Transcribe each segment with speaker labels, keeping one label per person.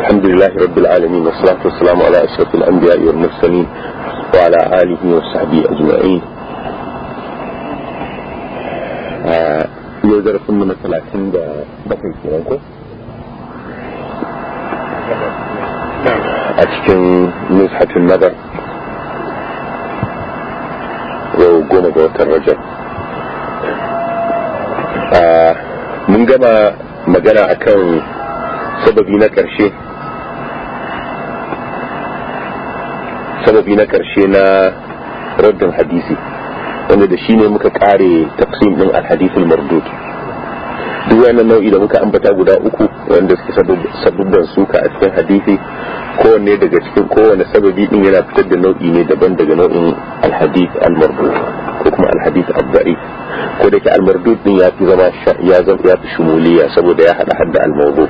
Speaker 1: الحمد لله رب العالمين والصلاة والسلام على أشرف الأنبياء والمرسلين وعلى آله وصحبه أجمعين يوجد رسول من ثلاثين بقي كيرانكو أتكن نزحة النظر وقوم بوت الرجل من قبل magana akan sababi na ƙarshe sababi na karshe na raddin hadisi wanda da shi ne muka kare tafsim din alhadisul mardud duk wannan nau'i da muka ambata guda uku wanda suke sabubban suka a cikin hadisi kowanne daga cikin kowane sababi din yana fitar da nau'i ne daban daga nau'in alhadith almardud ko kuma alhadith abda'i ko da ke almardud din ya fi zama ya ya fi shumuliya saboda ya hada hadda almawdu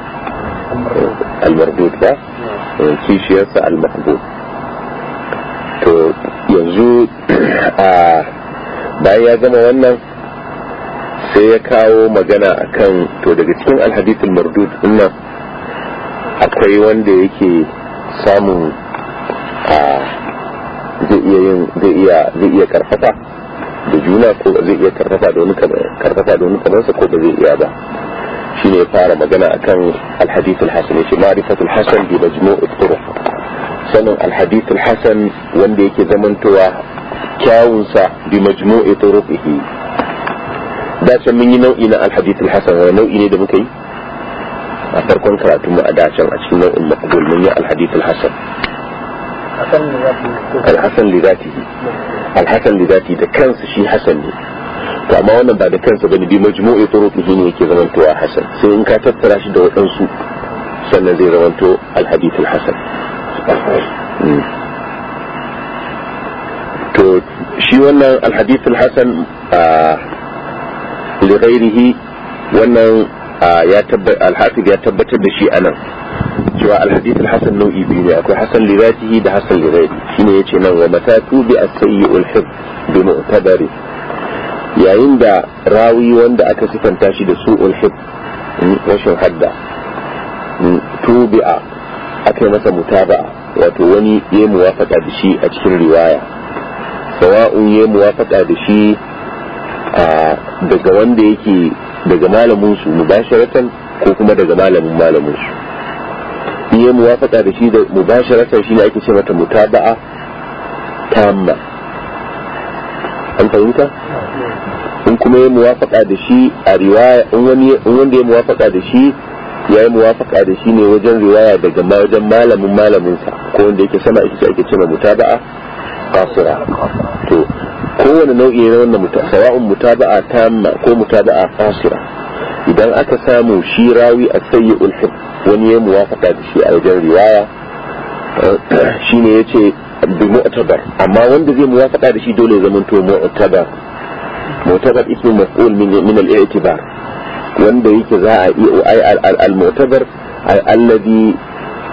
Speaker 1: almardud ba eh, kishiyarsa almahdud to yanzu a bayan ya gama wannan sai ya kawo magana akan to daga cikin alhadithul mardud dinnan akwai wanda yake samun a zai iya yin zai iya zai iya karfafa da juna ko zai iya karfafa da wani karfafa da wani ko ba zai iya ba shine ya fara magana akan alhadithul hasan Hassan ma'rifatul hasan bi majmu'ut turuq sanin alhadith alhasan wanda yake zamantowa kyawunsa bi majmu'i turuqihi da can mun yi nau'i na alhadith alhasan wani nau'i ne da muka yi a farkon karatu mu a dacen a cikin nau'in maqbul mun yi alhadith alhasan alhasan li zatihi alhasan li zatihi da kansa shi hasan ne to amma wannan ba da kansa bane bi majmu'i turuqihi ne yake zamantowa hasan sai in ka tattara shi da waɗansu sannan zai zamanto alhadith alhasan to shi wannan alhadith alhasan li ghairihi wannan ya tabbata alhafiz ya tabbatar da shi anan cewa alhadith alhasan nau'i biyu ne akwai Hassan li da Hassan hasan shi ne ya ce nan wa matatu bi as-sayyi al-hib bi mu'tabari yayin da rawi wanda aka sifanta shi da su'ul hib hmm, rashin hadda hmm, tubi'a aka yi masa mutaba wato wani ya muwafaka da shi a cikin riwaya sawa'un ya muwafaka da shi daga wanda yake daga malamin su mubasharatan ko kuma daga malamin malamin su ya muwafaka da shi da mubasharatan ne ake ce mata mutaba'a tamma an fahimta in kuma ya muwafaka da shi a riwaya in wanda ya muwafaka da shi ya yi muwafaka da shi ne wajen riwaya daga wajen malamin malaminsa ko wanda yake sama ita ce ake ce ma mutaba'a fasira. to kowane nau'i na wannan sawa'un mutaba'a tamma ko mutaba'a kasira idan aka samu shi rawi a sayi ulfin wani ya muwafaka da shi a wajen riwaya shi ne ya ce bi mu'tabar amma wanda zai muwafaka da shi dole ya zamanto mu'tabar mu'tabar ismin maf'ul min al-i'tibar wanda yake za a iya al-mu'tabar alladhi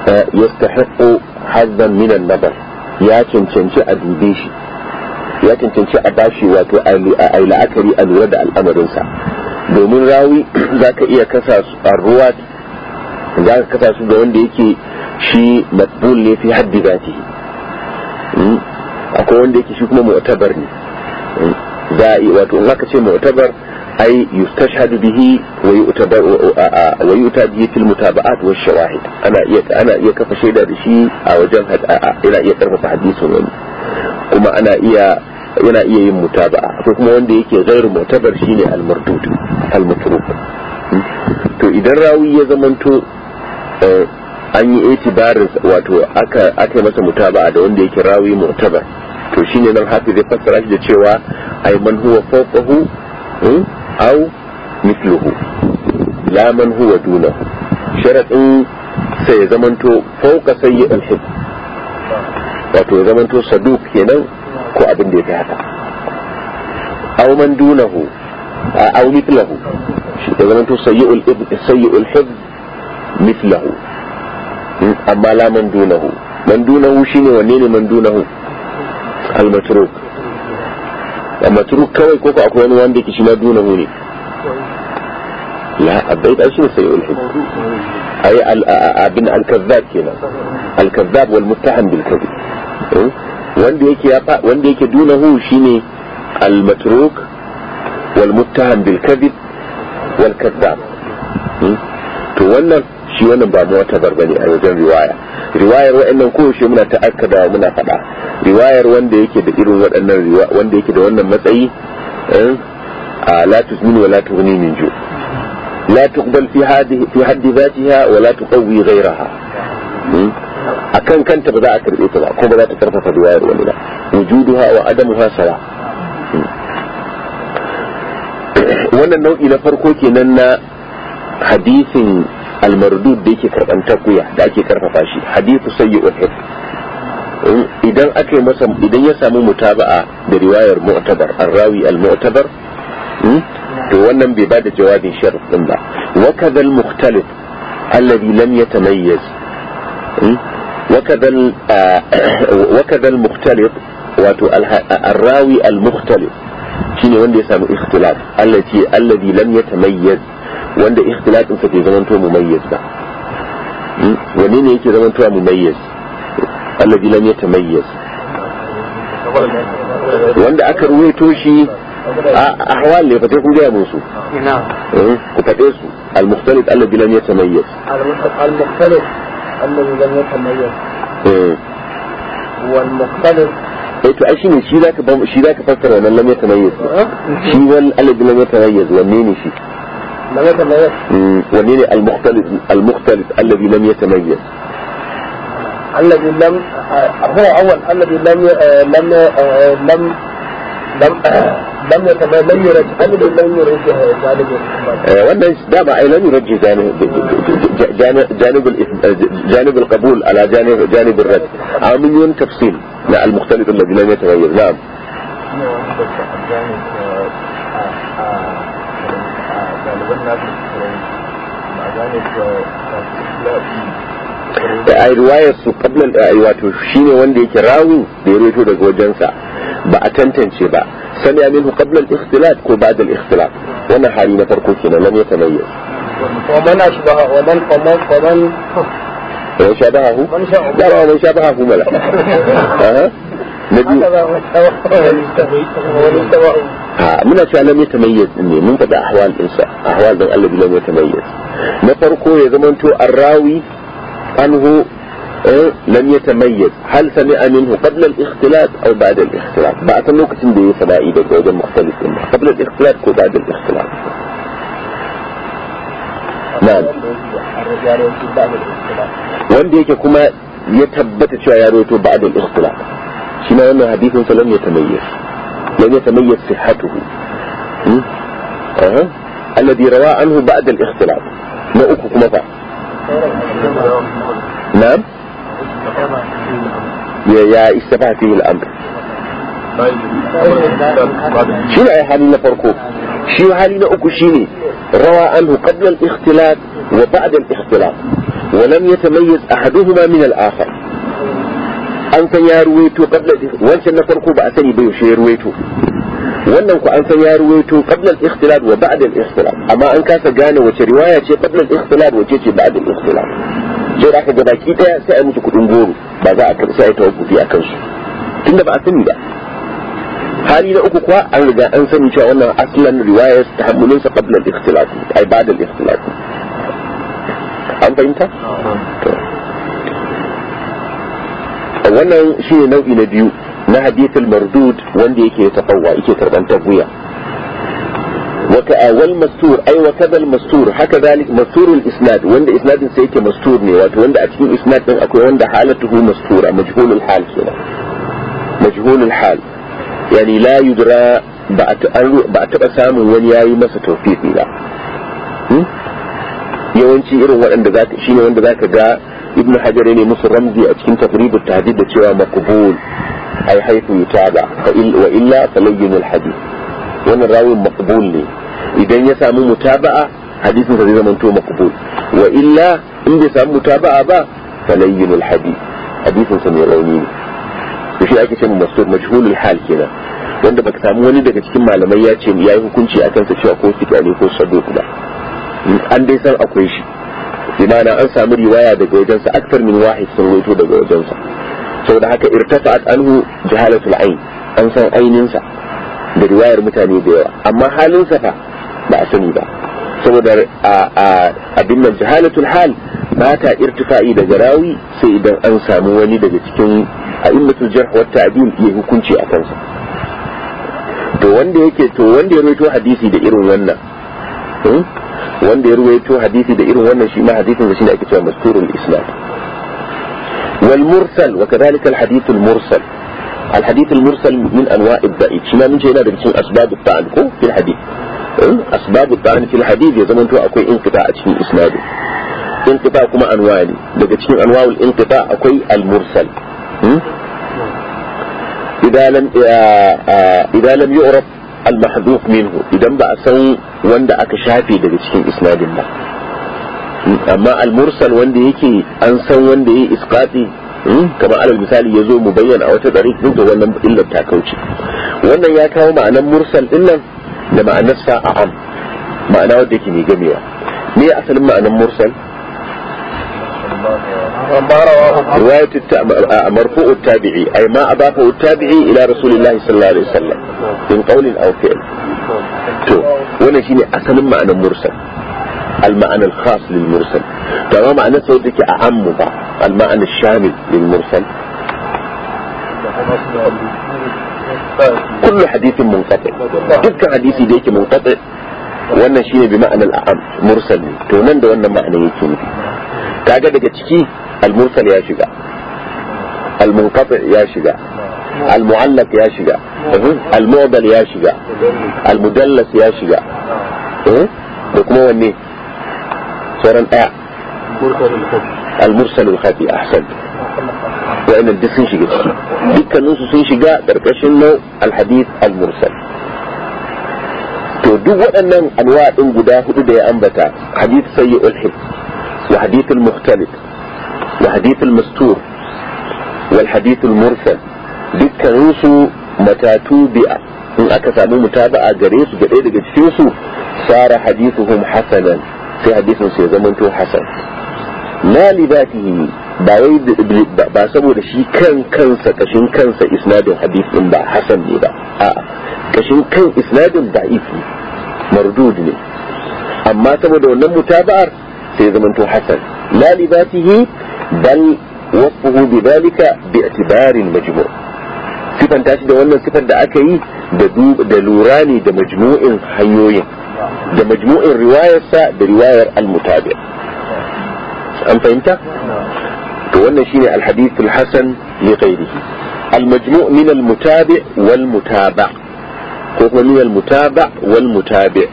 Speaker 1: eh, yastahiqu hazzan min an-nadar ya cancanci a dube shi ya cancanci a bashi wato a la'akari a lura da al'amarin sa. domin rawi za ka iya kasa su a ruwa za ka kasa su da wanda yake shi matbul ne fi haddi zati hmm? akwai wanda yake shi kuma mu'tabar ne hmm? za a iya wato in aka ce mu'tabar أي يستشهد به ويؤتى به في المتابعات والشواهد أنا يك أنا يكفى شيء ده شيء أو جنهد أنا يكفى حديث وين كما أنا إيا yana iya yin mutaba'a ko kuma wanda yake gairu mutabar shine al-mardud to idan rawi ya zamanto an yi itibarin wato aka aka masa mutaba'a da wanda yake rawi mutabar to shine nan hafi zai fassara shi da cewa ay man huwa fawqahu أو مثله لا من هو دونه شرط سيزمنتو فوق سيء الحفظ wato zamanto saduk kenan ko abin da ya fi haka au man dunahu au mithlahu shi da zamanto sayyi'ul sayyi'ul hifz mithlahu amma la man dunahu man dunahu shine wanne ne man dunahu al matruk matruk kawai ko ko akwai wani wanda yake shi ma duna ne la abait ai shi sai ulhi ai abin al-kazzab kenan al-kazzab wal muttaham bil kadhib wanda yake ya wanda yake duna hu shine al-matruk wal muttaham bil kadhib wal kazzab to wannan shi wannan ba mu'tabar a wajen riwaya riwayar wa'annan muna ta'akkada muna faɗa riwayar wanda yake da irin waɗannan wanda yake da wannan matsayi eh, a la wa la tughni min ju la tuqbal fi hadhihi fi haddi wa la tuqawi ghayraha hmm? akan kanta ba za a karbe ta ba ko ba za ta karfafa riwayar wani ba wujuduha wa adamuha sawa hmm. wannan nau'i na farko kenan na hadisin almardud da yake karban takuya da ake karfafa shi hadithu sayyi'ul hifz idan aka masa idan ya samu mutaba'a da riwayar mu'tabar arrawi al-mu'tabar hmm, to wannan bai bada jawabin sharh din ba wa kadhal mukhtalif alladhi lam yatamayyaz hmm, wa kadhal wa kadhal mukhtalif wato arrawi al-mukhtalif shine wanda ya samu ikhtilaf allati alladhi lam yatamayyaz wanda ikhtilafin sa ke zaman to mumayyiz ba hmm? wani ne yake zaman to mumayyiz alladhi lam yatamayyiz wanda aka ruwaito shi a ahwal ne fate kun gaya musu
Speaker 2: hmm?
Speaker 1: ku fate su al-mukhtalif alladhi lam yatamayyiz al-mukhtalif alladhi lam yatamayyiz hmm. wal mukhtalif eh to shi ne shi zaka shi zaka fassara wannan lam yatamayyiz shi wal alladhi lam yatamayyiz wanne ne shi ومن المختلط المختلط الذي لم يتميز الذي لم هو أول الذي لم لم لم لم لم يتميز لم الذي لم يرجح جانب آه، والناس دابا لم يرجح جانب جانب جانب القبول على جانب جانب الرد عاملين تفصيل لا المختلف الذي لم يتميز نعم, نعم. a riwayarsu kablan wato shine wanda yake rawin da ya reto daga wajensa ba a tantance ba sani aminu kablan ikhtilat ko ba da ikhtilat wannan hali na farko kenan lam ya tamayyaz ومن أشبه ومن ومن ومن ومن شابهه لا لا ومن شابهه ملا نبي آه، من أشياء لم يتميز إني من بدأ أحوال إنسان أحوال ذو الذي لم يتميز نفرقه يزمنته الراوي أنه آه، لم يتميز هل سمع منه قبل الاختلاط أو بعد الاختلاط بعد أنه كتن به سمائي بجوجة مختلف إنه قبل الاختلاط أو بعد الاختلاط نعم وانبي كما يتبت شو بعد الاختلاط شنو أن حديث سلم يتميز لم يتميز صحته الذي روى عنه بعد الاختلاط ما أكوك مفع نعم يا استفع فيه الأمر شنو حالي نفرقه شنو حالي نأكشيني روى عنه قبل الاختلاط وبعد الاختلاط ولم يتميز أحدهما من الآخر an san ya ruwaito wancan na farko ba a sani ba yaushe ya ruwaito wannan ku an san ya ruwaito qabla al-ikhtilaf wa ba'da al-ikhtilaf amma an kasa gane wace riwaya ce qabla al-ikhtilaf wace ce ba'da al-ikhtilaf je da aka gaba ki daya sai a miki kudin goro ba za a kai sai ta wuce a kansu tunda ba a sani ba hali na uku kuwa an riga an sani cewa wannan aslan riwayar tahammulin sa qabla al-ikhtilaf ai ba'da al-ikhtilaf an fahimta to wannan shi ne nau'i na biyu na hadithul mardud wanda yake tafawa yake karban tabuya wal mastur ai wa kadal mastur haka dalik masturul isnad wanda isnadin sai yake mastur ne wato wanda a cikin isnad din akwai wanda halatuhu mastura majhulul hal kenan majhulul hal yani la yudra ba a taɓa samun wani yayi masa tawfiqi ba hmm? yawanci irin waɗanda zaka shine wanda zaka ga ibn hajar ne musu ramzi a cikin taqrib tahdid da cewa maqbul ay haythu yutaba wa illa falayyin al wannan rawin maqbul ne idan ya samu mutaba'a hadisin sa zai zama to maqbul wa illa in bai samu mutaba'a ba falayyin al hadisin sa mai rauni ne to shi ake cewa mastur majhulul hal kenan wanda baka samu wani daga cikin malamai ya ce yayi hukunci akan sa cewa ko fiqa ko saduq ba an dai san akwai shi imana an samu riwaya daga wajensa aktar min wahid sun roto daga wajensa saboda haka irtafa'at anhu jahalatul ain an san aininsa da riwayar mutane da yawa amma halinsa fa ba a sani ba saboda abin nan jahalatul hal ba ta irtifa'i daga rawi sai idan an samu wani daga cikin a'immatul jarh wa ta'dil ya hukunci a kansa to wanda yake to wanda ya rawaito hadisi da irin wannan hmm? wanda ya ruwaito hadisi da irin wannan shi ma hadisin da shi ne ake cewa masturul islam wal mursal wa kadhalika al hadith al mursal al hadith al mursal min anwa' al da'if shi ma mun ce yana da cikin asbab al ta'an ko fil hadith asbab al ta'an fil hadith ya zama to akwai inqita a cikin isnad inqita kuma anwa' ne daga cikin anwa' al inqita akwai al mursal إذا لم إذا لم يعرف al minhu idan ba a san wanda aka shafe daga cikin isnadin ba amma almursal wanda yake an san wanda yayi isqati hmm, kamar alal misali ya zo mu bayyana a wata dare duk da wannan illar ta wannan ya kawo ma'anar mursal din nan da ma'anar sa'a'am ma'ana wadda yake mai gamewa me asalin ma'anar mursal رواية مرفوع التابعي أي ما أضافه التابعي إلى رسول الله صلى الله عليه وسلم من قول أو فعل تو وانا معنى مرسل المعنى الخاص للمرسل تمام معنى سيدك أعم المعنى الشامل للمرسل كل حديث منقطع دكا حديثي ديك منقطع وانا شيني بمعنى الأعم مرسل تونان دو وانا معنى يكي kaga daga ciki al ya shiga al ya shiga al ya shiga almudal ya shiga al ya shiga da kuma wanne sauran daya al-mursal al-khafi ahsan wa'annan ciki dukkaninsu sun shiga karkashin nau al-hadith to duk waɗannan anwa ɗin guda huɗu da ya ambata hadith sayyi'ul hifz وحديث المختلف وحديث المستور والحديث المرسل dukkaninsu matatu bi'a in aka samu mutaba'a gare su da ɗaya daga cikin su sara hadithuhum hasanan sai hadisin sai zamanto hasan na libatihi ba saboda shi kan kansa kashin kansa isnadin hadisin ba hasan ne ba a'a kashin kan isnadin da'ifi mardud ne amma saboda wannan mutaba'ar سيزمنته حسن لا لذاته بل وصفه بذلك باعتبار مجموع صفة تاشد ولا صفة دعاكي دلوراني دمجموع حيوين دمجموع الرواية سا برواية المتابع أم فهمت؟ وانا شيني الحديث الحسن لغيره المجموع من المتابع والمتابع هو من المتابع والمتابع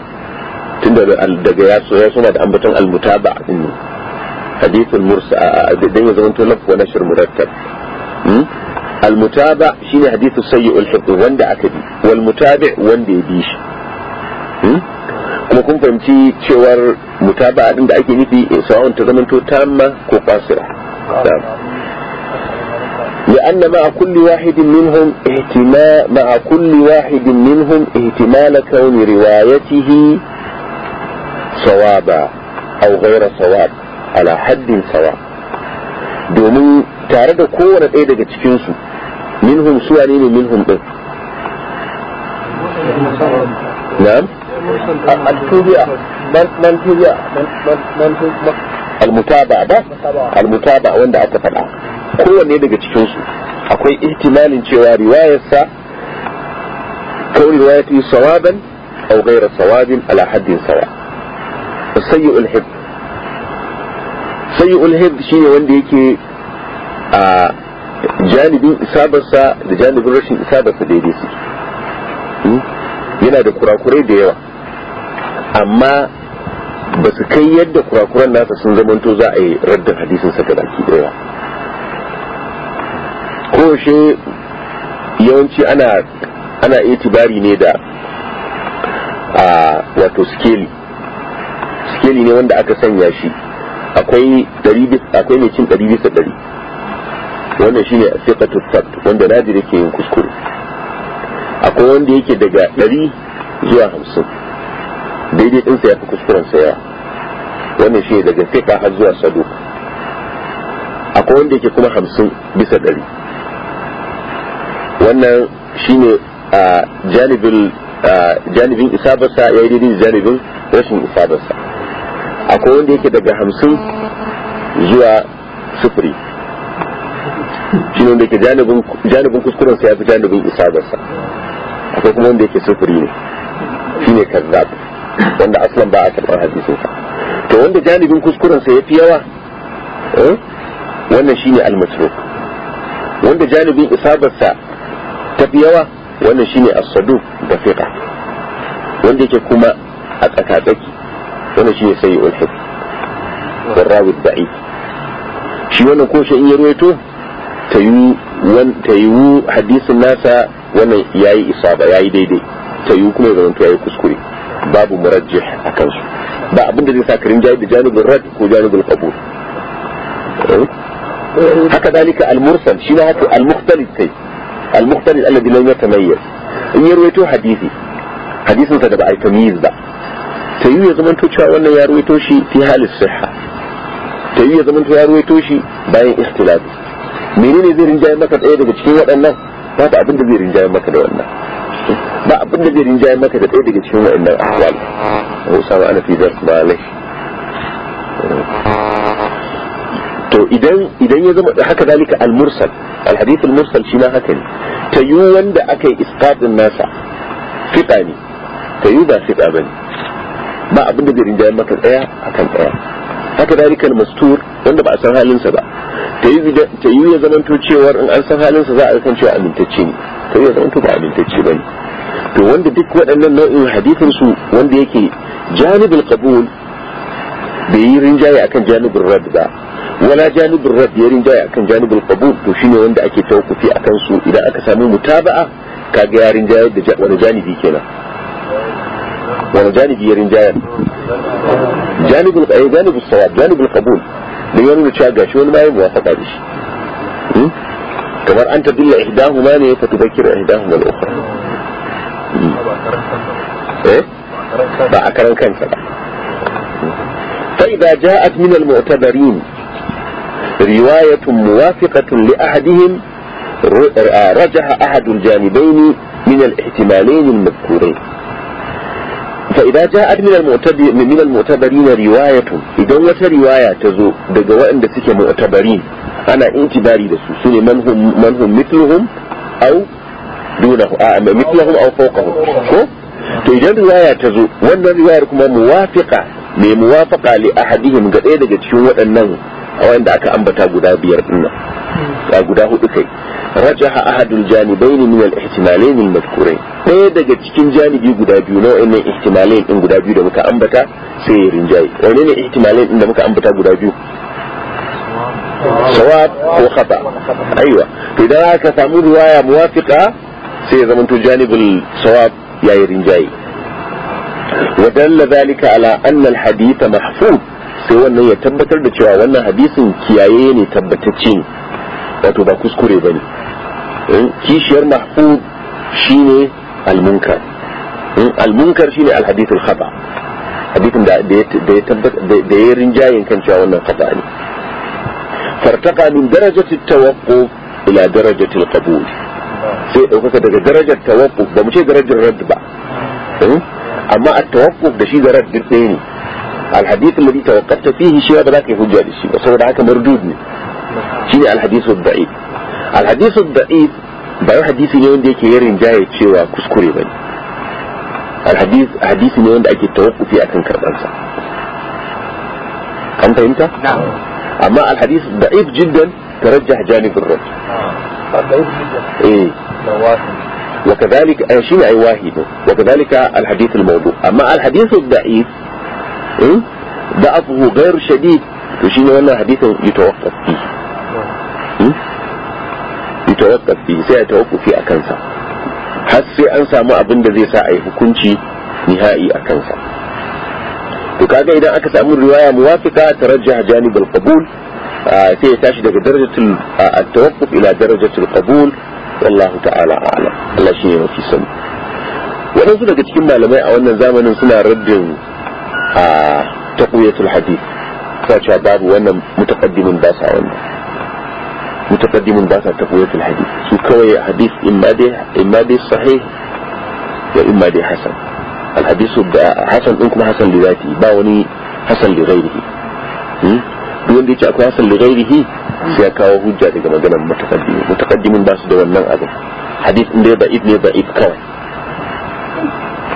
Speaker 1: tun daga yaso ya suna da ambaton almutaba din ne hadithul mursa da ya zama tulaf wa nashr murattab hmm? almutaba shine hadithu sayyi'ul hifz wanda aka bi wal mutabi wanda ya bi shi hmm? kuma kun fahimci cewar mutaba din da ake nufi eh, sawa'un ta zamanto tamma ko qasira لأن مع كل واحد منهم اهتمام مع كل واحد منهم اهتمال كون روايته sawaba au gaira sawab ala haddin sawa domin tare da kowane ɗaya daga cikinsu minhum suwa ne ne minhum ɗin na'am al-mutaba ba al-mutaba wanda aka faɗa kowanne daga cikinsu akwai ihtimalin cewa riwayarsa ko riwayatu sawaban au gaira sawabin ala haddin sawa sayyul hib sayyul hib shine wanda yake a janibin isabarsa da janibin rashin isabarsa daidai su hmm? yana da kurakurai da yawa amma ba su kai yadda kurakuran nasa sun zamanto za a yi raddin hadisin sa baki daya ko shi yawanci ana ana itibari ne da a wato sikeli. sikeli ne wanda aka sanya shi akwai akwai mai cin ɗari bisa ɗari wannan shine asiqatu sabt wanda nadir yake yin kuskure akwai wanda yake daga ɗari zuwa hamsin daidai ɗinsa ya fi kuskuren saya wannan shi daga fiƙa har zuwa sado akwai wanda yake kuma hamsin bisa ɗari wannan shi ne a janibin isabarsa ya yi daidai janibin rashin isabarsa akwai wanda yake daga hamsin zuwa sufuri shi ne wanda yake janibin kuskurensa ya fi janibin isabarsa akwai kuma wanda yake sufuri ne shi ne kazzab wanda aslan ba a karɓar hadisinsa to wanda janibin kuskurensa ya fi yawa eh, wannan shi ne almatruk wanda janibin isabarsa ta fi yawa wannan shi ne asadu da fiƙa wanda yake kuma a tsakatsaki wani shi ne sai ulhib warrawi da'i shi wannan ko shi in ya ruwaito ta yi ta yi hadisin nasa wannan yayi isaba yayi daidai ta yi kuma ya ya yayi kuskure babu murajjih a kansu ba abin da zai sa karin jayi da janibin rad ko janibin qabul haka dalika al-mursal shi ma haka al-mukhtalif kai al-mukhtalif alladhi lam yatamayyaz in ya ruwaito hadisi hadisin sa da ba a tamyiz ba ta yi ya zamanto cewa wannan ya ruwaito shi fi halis sihha ta yi ya zamanto ya ruwaito shi bayan ikhtilafi menene zai rinjaye maka tsaye daga cikin waɗannan ba ta abin da zai rinjaye maka da wannan ba abin da zai rinjaye maka da tsaye daga cikin waɗannan ahwal ko sama ana fi zarf ba alai to idan idan ya zama haka dalika al-mursal al-hadith al-mursal shi ma haka ne tayu wanda aka yi isqatin nasa fiqa ne ta yi ba fiqa bane ba abin da zai rinjayen maka tsaya akan tsaya haka dalikal mastur wanda ba a san halinsa ba ta yi ya zamanto cewar in an san halinsa za a kan cewa amintacce ne ta yi ya zamanto ba amintacce ba ne to wanda duk waɗannan nau'in hadithin su wanda yake janibin qabul bai yi rinjaye akan janibin rad ba wala janibin rad ya rinjaye akan janibin qabul to shine wanda ake tawkufi akan su idan aka samu mutaba'a kaga ya rinjaye da wani janibi kenan وانا جانبي يرنجان جانب اي جانب الصواب جانب القبول ليون يتشاقى شو ما هذا الشيء كمان أن تدل إحداهما ليه فتذكر إحداهما الأخرى إيه باع كان سبع فإذا جاءت من المعتبرين رواية موافقة لأحدهم آه، رجح أحد الجانبين من الاحتمالين المذكورين فإذا جاءت من المعتبر من المعتبرين رواية إذا وتا رواية تزو daga waɗanda suke bari ana intibari da su sune man hum hum mithluhum aw dunahu a mithluhum aw ko to idan riwaya ta zo wannan riwayar kuma muwafiqa mai muwafaqa li ahadihim ga ɗaya daga cikin waɗannan a wanda aka ambata guda biyar dinnan ga guda hudu kai rajaha ahadul janibaini min al ihtimalain al madhkurain ɗaya daga cikin janibi guda biyu na wa'annan ihtimalain din guda biyu da muka ambata sai ya rinjaye Wani ne ihtimalain din da muka ambata guda biyu sawab ko khata aiwa to idan aka samu riwaya muwafiqa sai ya zamanto janibul sawab yayi rinjaye ودل ala على أن الحديث محفوظ sai wannan ya tabbatar da cewa wannan hadisin kiyaye ne tabbatacce ne wato ba kuskure ba ne kishiyar mahfud shine almunkar almunkar shine alhadith alkhata hadithin da da ya rinjayen kan cewa wannan khata ne fartaqa min darajati at-tawaqquf ila darajati al-qabul sai ɗaukaka daga darajar tawakkuf ba mu ce darajar radd ba hmm? amma a tawakkuf da shi da radd ɗaya ne الحديث الذي توقفت فيه شيء ذلك يهجى للشيء وصول هكا مردودني شيء الحديث الضعيف الحديث الضعيف بأي حديث يوم ديك يرين جاي تشي وكسكوري بني الحديث حديث يوم ديك يتوقف فيه أكن كربانسا أنت أنت؟ نعم أما الحديث الضعيف جدا ترجح جانب الرد
Speaker 2: آه. ضعيف جدا
Speaker 1: إيه وكذلك أشين آه، أي واحد وكذلك الحديث الموضوع أما الحديث الضعيف Hmm? da abu gairu shadid to shine wannan hadisin yutawaqqaf fi hmm? yutawaqqaf sai ya tawaqqufi a kansa har sai an samu abin da zai sa a yi hukunci nihai a kansa to kaga idan aka samu riwaya muwafiqa tarajjah janib al-qabul sai ya tashi daga darajatul at-tawaqquf ila darajatul qabul wallahu ta'ala a'lam Allah shine mafi sani waɗansu daga cikin malamai a wannan zamanin suna raddin taɓuyatul hadith suna cewa babu wannan mutaqaddimin ba sa wannan mutaqaddimin ba sa taɓuyatul hadith su kawai hadith imma dai sahih wa imma dai hasan alhadisu da hasan ɗin kuma hasan li zati ba wani hasan li ghairihi hmm? duk wanda yake akwai hasan li ghairihi sai ya kawo hujja daga maganar mutaqaddimin mutaqaddimin ba su da wannan abin hadith din da ibn da'if kawai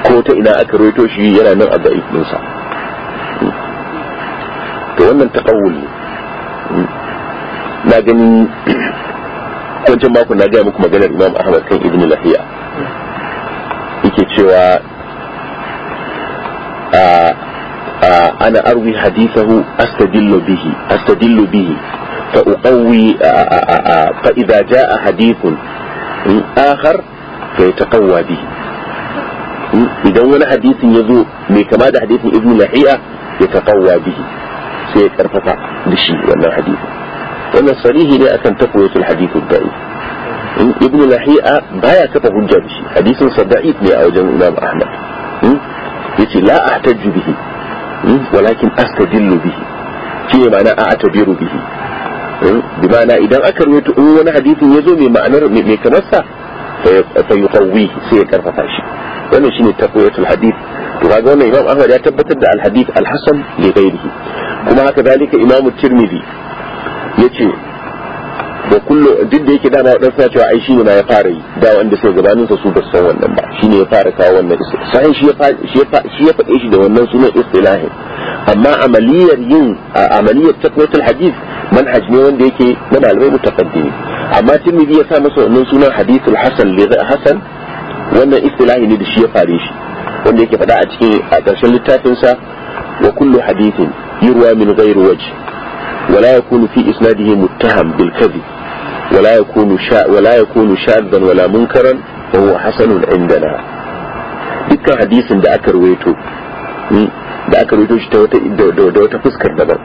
Speaker 1: ko ta ina aka rawaito shi yana nan a da'if din sa وانا انت قول لا جني كنت جمع كنا جاء مكما جاء الإمام أحمد كان ابن الأحياء يكي تشوى آه، آه، أنا أروي حديثه أستدل به أستدل به فأقوي آه، فإذا جاء حديث آخر فيتقوى به إذا هو حديث يذو من كما حديث ابن الأحياء يتقوى به sai ya karfafa da shi wannan hadisi wannan sarihi ne akan taqwiyatul hadith da'i ibn lahi'a baya kafa hujja da shi hadisin sa da'if ne a wajen imam ahmad hmm? yace la ahtajju bihi hmm? walakin astadillu bihi Shi ne ma'ana a atabiru bihi hmm? bi ma'ana idan aka rawaito wani hadisin yazo mai ma'anar mai kamar sa fa yuqawwi sai ya karfafa shi wannan shine taqwiyatul hadith to kaga wannan imam ahmad ya tabbatar da alhadith alhasan li ghairihi kuma haka zalika imam tirmidhi yace da kullu duk da yake da na dan cewa ai shine ma ya fara yi da wanda sai gabanin sa su ba san wannan ba shine ya fara kawo wannan sai shi ya shi ya faɗe shi da wannan sunan istilahi amma amaliyar yin amaliyar taqwatul hadith manhaj ne wanda yake na malamai mutaqaddimi amma tirmidhi ya sa masa wannan sunan hadithul hasan li hasan wannan istilahi ne da shi ya fare shi wanda yake faɗa a cikin a ƙarshen littafinsa wa kullu hadithin yurwa min ghairi waji wala yakunu fi isnadihi muttaham bil kadhib wala yakunu sha wala yakunu shaddan wala munkaran wa huwa hasanun indana dukkan hadisin da aka ruwaito hmm, da aka ruwaito shi ta wata da wata fuskar daban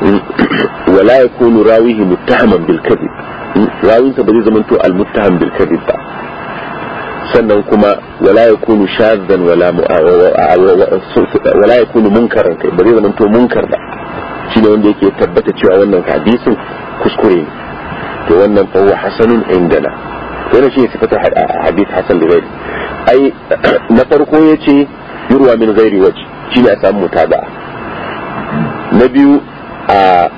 Speaker 1: hmm, wala yakunu rawihi muttahaman bil kadhib hmm, rawinsa ba zai zamanto al muttaham bil kadhib ba sannan kuma wala ya kunu shazan wala wala ya kunu munkaran kai ba zai zama to munkar ba shi ne wanda yake tabbata cewa wannan hadisin kuskure ne to wannan fa huwa hasanun indana to ne shi ne sifatar hadith hasan da gairi ai na farko ya ce yurwa min gairi waje shi ne a samu mutaba na biyu a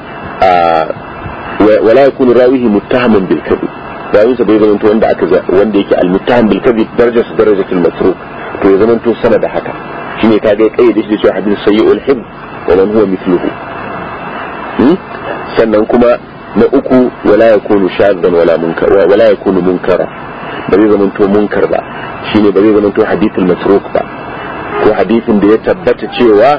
Speaker 1: wala ya kunu rawihi muttahamin bil kadhib yayin sa bai zamanto wanda aka wanda yake almitahan muttaham bil kadhib daraja su darajatul masruq to ya zamanto sama da haka shine ka ga kai da shi da cewa hadin sayyi'ul hib wa man huwa mithluhu hmm? sannan kuma na uku wala yakunu shaddan wala munkar wala yakunu munkara ba zai zamanto munkar ba shine ba zai zamanto hadithul masruq ba ko hadithin da ya tabbata cewa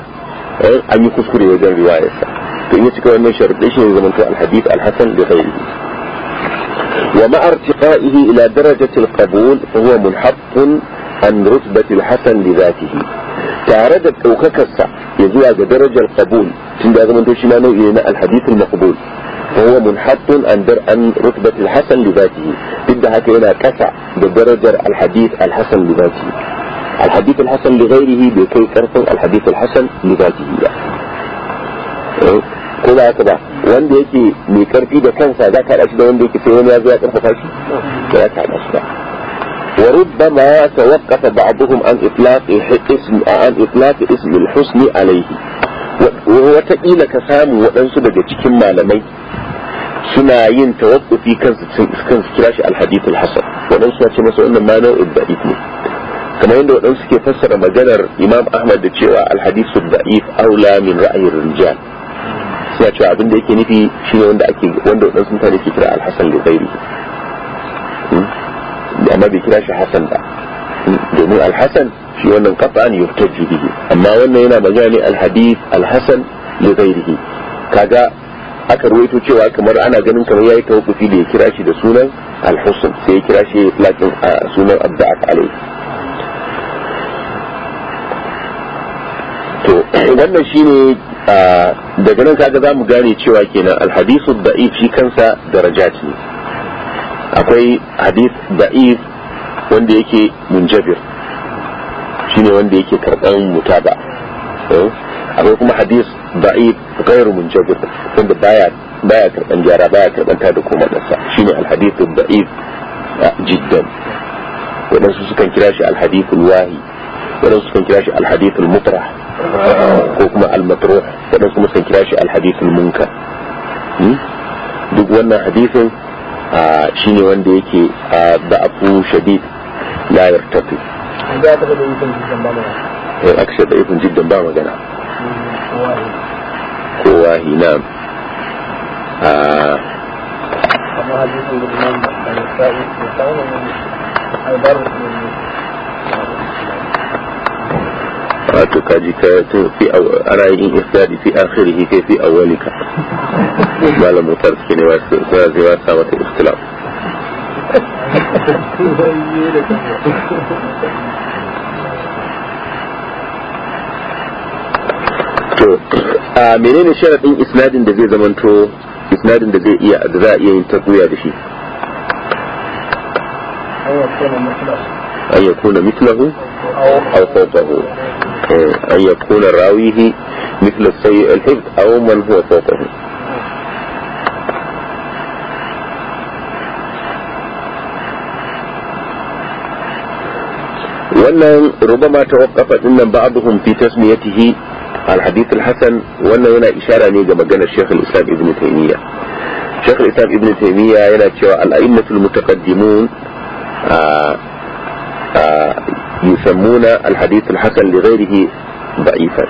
Speaker 1: eh, an yi kuskure wajen riwayarsa to in ya cika wannan sharuɗi shi ne zamanto al alhasan da kai ومع ارتقائه إلى درجة القبول فهو منحط عن رتبة الحسن لذاته تعرضت أوككسة يزوى درجة القبول تند هذا من تشمانه إلى الحديث المقبول فهو منحط عن, در... عن رتبة الحسن لذاته بدها كينا كسع بدرجة الحديث الحسن لذاته الحديث الحسن لغيره بكي كرفن الحديث الحسن لذاته يعني. ko za ka ba wanda yake mai karfi da kansa za ka haɗa shi da wanda yake sai wani ya zo ya karfafa shi ba za ka haɗa shi ba وربما توقف بعضهم عن إطلاق اسم عن إطلاق اسم الحسن عليه وتقيل كسام وأنسو دقى cikin malamai suna yin tawaffufi kansu kan su kira shi alhadithul hasan wadan suna ce masa wannan ma'anar da'if ne kamar yadda wadan suke fassara maganar imam ahmad da cewa alhadithul da'if aula min ra'ayin rijal suna cewa abin da yake nufi shi ne wanda ake wanda waɗansu mutane ke kira alhassan da zairi hmm. amma bai kira shi hassan ba hmm. domin alhassan shi wannan kafa ne yurtaji bihi amma wannan yana magana ne alhadith alhassan da zairihi kaga aka ruwaito cewa kamar ana ganin kamar yayi tawaffi da ya kira shi da sunan Alhassan sai ya kira shi lakin sunan abda'at alai to wannan shine daga nan kaga za mu gane cewa kenan alhadisu da'if shi kansa daraja ce. akwai hadis da'if wanda yake munjabir shine wanda yake karban mutaba eh? akwai kuma hadis da'if ghairu munjabir wanda baya baya karban gyara baya karban ta da kuma dasa shine alhadithu da'if jiddan Waɗansu sukan kira shi alhadithul wahi Waɗansu sukan kira shi alhadithul mutrah ko kuma al-matruh wadansu kuma sun kira shi al-hadithul duk wannan hadisin shine wanda yake da'afu shadid da ta
Speaker 2: da yin jiddan ba magana
Speaker 1: eh da jiddan ba magana ko wahi na'am kamar wato kaji ka fi a yin isdadi fi akhirihi kai fi awwalika malam mutar suke ne wasu zai wasa wata ikhtilaf to a menene sharadin isnadin da zai zamanto isnadin da zai iya da za a iya yin takuya da shi
Speaker 2: ayyakuna mitlahu
Speaker 1: ayyakuna mitlahu aw fawqahu أن يكون راويه مثل السيء الحفظ أو من هو فوقه wannan rubama ta waƙafa dinnan ba'aduhum fi tasmiyatihi al-hadith al-hasan wannan yana ishara ne ga maganar Sheikh al-Islam Ibn Taymiyyah Sheikh al-Islam Ibn Taymiyyah yana cewa al-a'immatul mutaqaddimun يسمون الحديث الحسن لغيره ضعيفا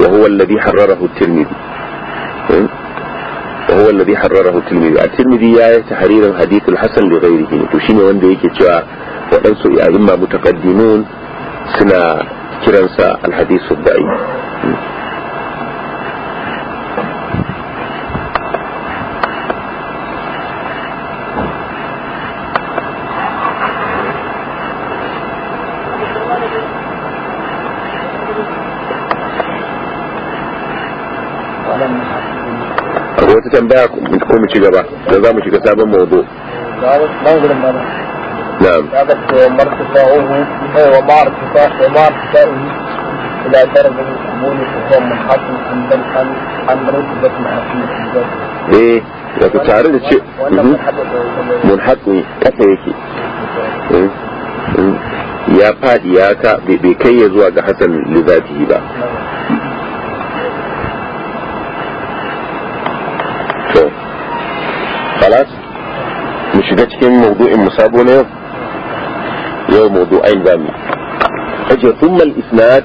Speaker 1: وهو الذي حرره الترمذي وهو الذي حرره الترمذي الترمذي يا تحرير الحديث الحسن لغيره تشيني وند yake cewa يا إما متقدمون سنا كرنسا الحديث الضعيف wata tambaya ko mu ci gaba da za mu shiga sabon mawdu نعم ما
Speaker 2: ارتفاعه وما ارتفاع وما ارتفاعه الى درجه القبول فهو منحصر عند عن رتبه معصيه
Speaker 1: ايه da ku tare da ce mhm, mun haɗu ƙasa yake eh, mhm, ya faɗi ya ka bai kai ya zuwa ga hasan lizatihi ba خلاص مش جات كم موضوع مصابونا يو موضوعين ذامي اجي ثم الاسناد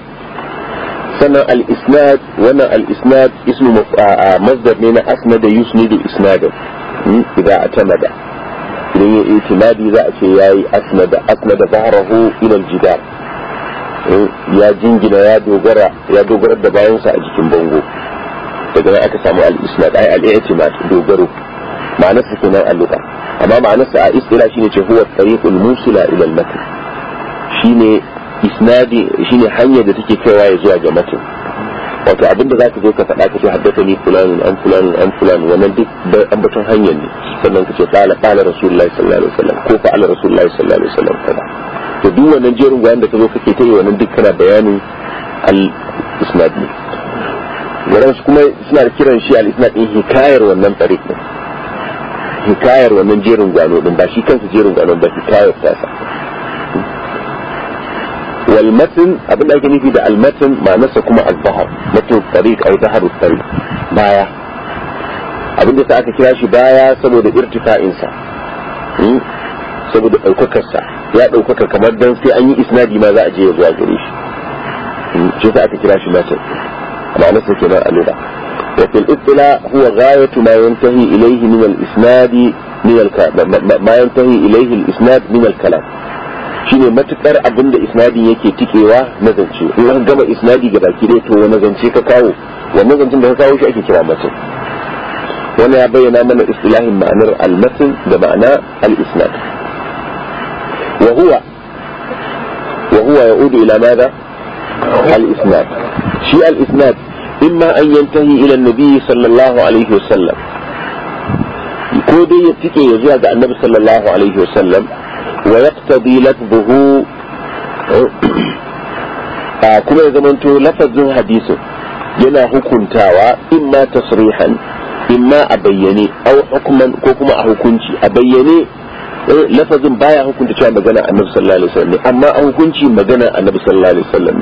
Speaker 1: سنة الاسناد وانا الاسناد اسم مف... آه، آه، مصدر من اسند يسند اسناد اذا اعتمد لي اعتماد اذا اتي اسند اسند ظهره الى الجدار يا جنجنا يا دوغرا يا دوغرا دبايون ساجي كمبونغو فقال اكسامو الاسناد اي الاعتماد دوغرو مع نفسك ما اللغة اما مع نفسك قائس الى شيني هو طريق الموصل الى المتن شيني اسنادي شيني حنية دي تكي فيها واي زوا جمتن وانت عبد الله ذاك ذوك فقالك في حدثني فلان ام فلان ام فلان ومن دي بأمبتا حنية دي فلان كتير فعلا قال رسول الله صلى الله عليه وسلم كو فعل رسول الله صلى الله عليه وسلم فلا تدو وننجيرون وانك ذوك كتير ونندك كنا بياني الاسنادي ورانس كما سنعر كيران شيء الاسناد انهي كاير ونن طريق hikayar wannan jerin gano din ba shi kansa jerin gwanon ba hikayar tasa والمتن abin da ake nufi da al almatin ma'anarsa kuma al-zahar matn tariq ay zahar tariq baya abin da aka kira shi baya saboda irtifa'in sa hmm? saboda daukakar sa ya daukaka kamar dan sai an yi isnadi ma za a je zuwa gare shi hmm? shi sa aka kira shi matn ma'anarsa kenan alura وفي الابتلاء هو غاية ما ينتهي إليه من الإسناد من الك... ما, ينتهي إليه الإسناد من الكلام شيني ما تكر أبند إسنادي يكي تكيوا نزنشي الله قام إسنادي قد الكريتو ونزنشي كاو ونزنشي ده كاو شو أكي كرا متن ولا يبين أن إصلاح معنى المتن بمعنى الإسناد وهو وهو يعود إلى ماذا؟ الإسناد شيء الإسناد إما أن ينتهي إلى النبي صلى الله عليه وسلم يكون دي يتكي يزيد عن النبي صلى الله عليه وسلم ويقتضي لفظه آه، كما إذا منتو لفظ حديثه ينا حكم تاوى إما تصريحا إما أبيني أو حكما كوكما أحكمتي أبيني lafazin baya hukunta cewa النبي صلى الله عليه وسلم أما an hukunci magana annabi sallallahu alaihi wasallam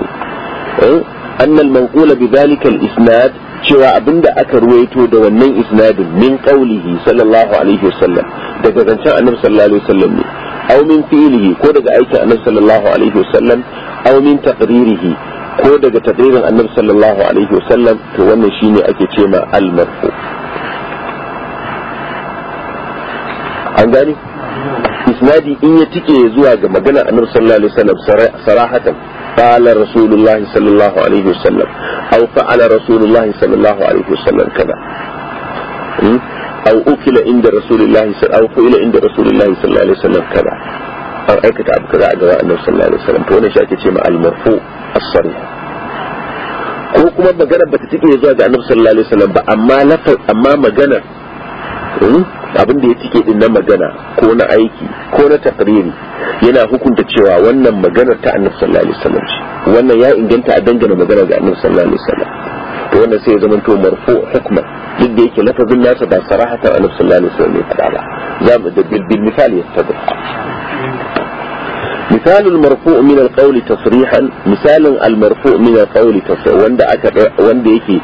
Speaker 1: eh annal manqula bi dhalika isnad cewa abinda aka ruwaito da wannan isnadin min qawlihi sallallahu alaihi wasallam daga zancen annabi sallallahu alaihi wasallam ne aw min ko daga aikin annabi sallallahu alaihi wasallam aw min taqririhi ko daga taqririn annabi sallallahu alaihi wasallam to wannan shine ake cewa al-marfu in ya tike zuwa ga maganar annabi قال رسول الله صلى الله عليه وسلم أو فعل رسول الله صلى الله عليه وسلم كذا أو أكل عند رسول الله صلى أو فعل عند رسول الله صلى الله عليه وسلم كذا أو أكت أبو كذا أدواء النبي صلى الله عليه وسلم فهنا شاكت مع المرفوع الصريح ko kuma maganar ba ta tike zuwa ga annabi sallallahu alaihi wasallam ba amma lafaz amma maganar abin da ya cike din na magana ko na aiki ko na takriri yana hukunta cewa wannan magana ta annabi sallallahu alaihi wasallam ce wannan ya inganta a dangana magana ga annabi sallallahu alaihi wasallam to wannan sai ya zama to marfu hukman duk da yake lafazin nasa ba sarahatan annabi sallallahu alaihi wasallam ya fada ba za mu da bil bil misali ya yastadir مثال المرفوع من القول تصريحا مثال المرفوع من القول تصريحا وند أكا وند يكي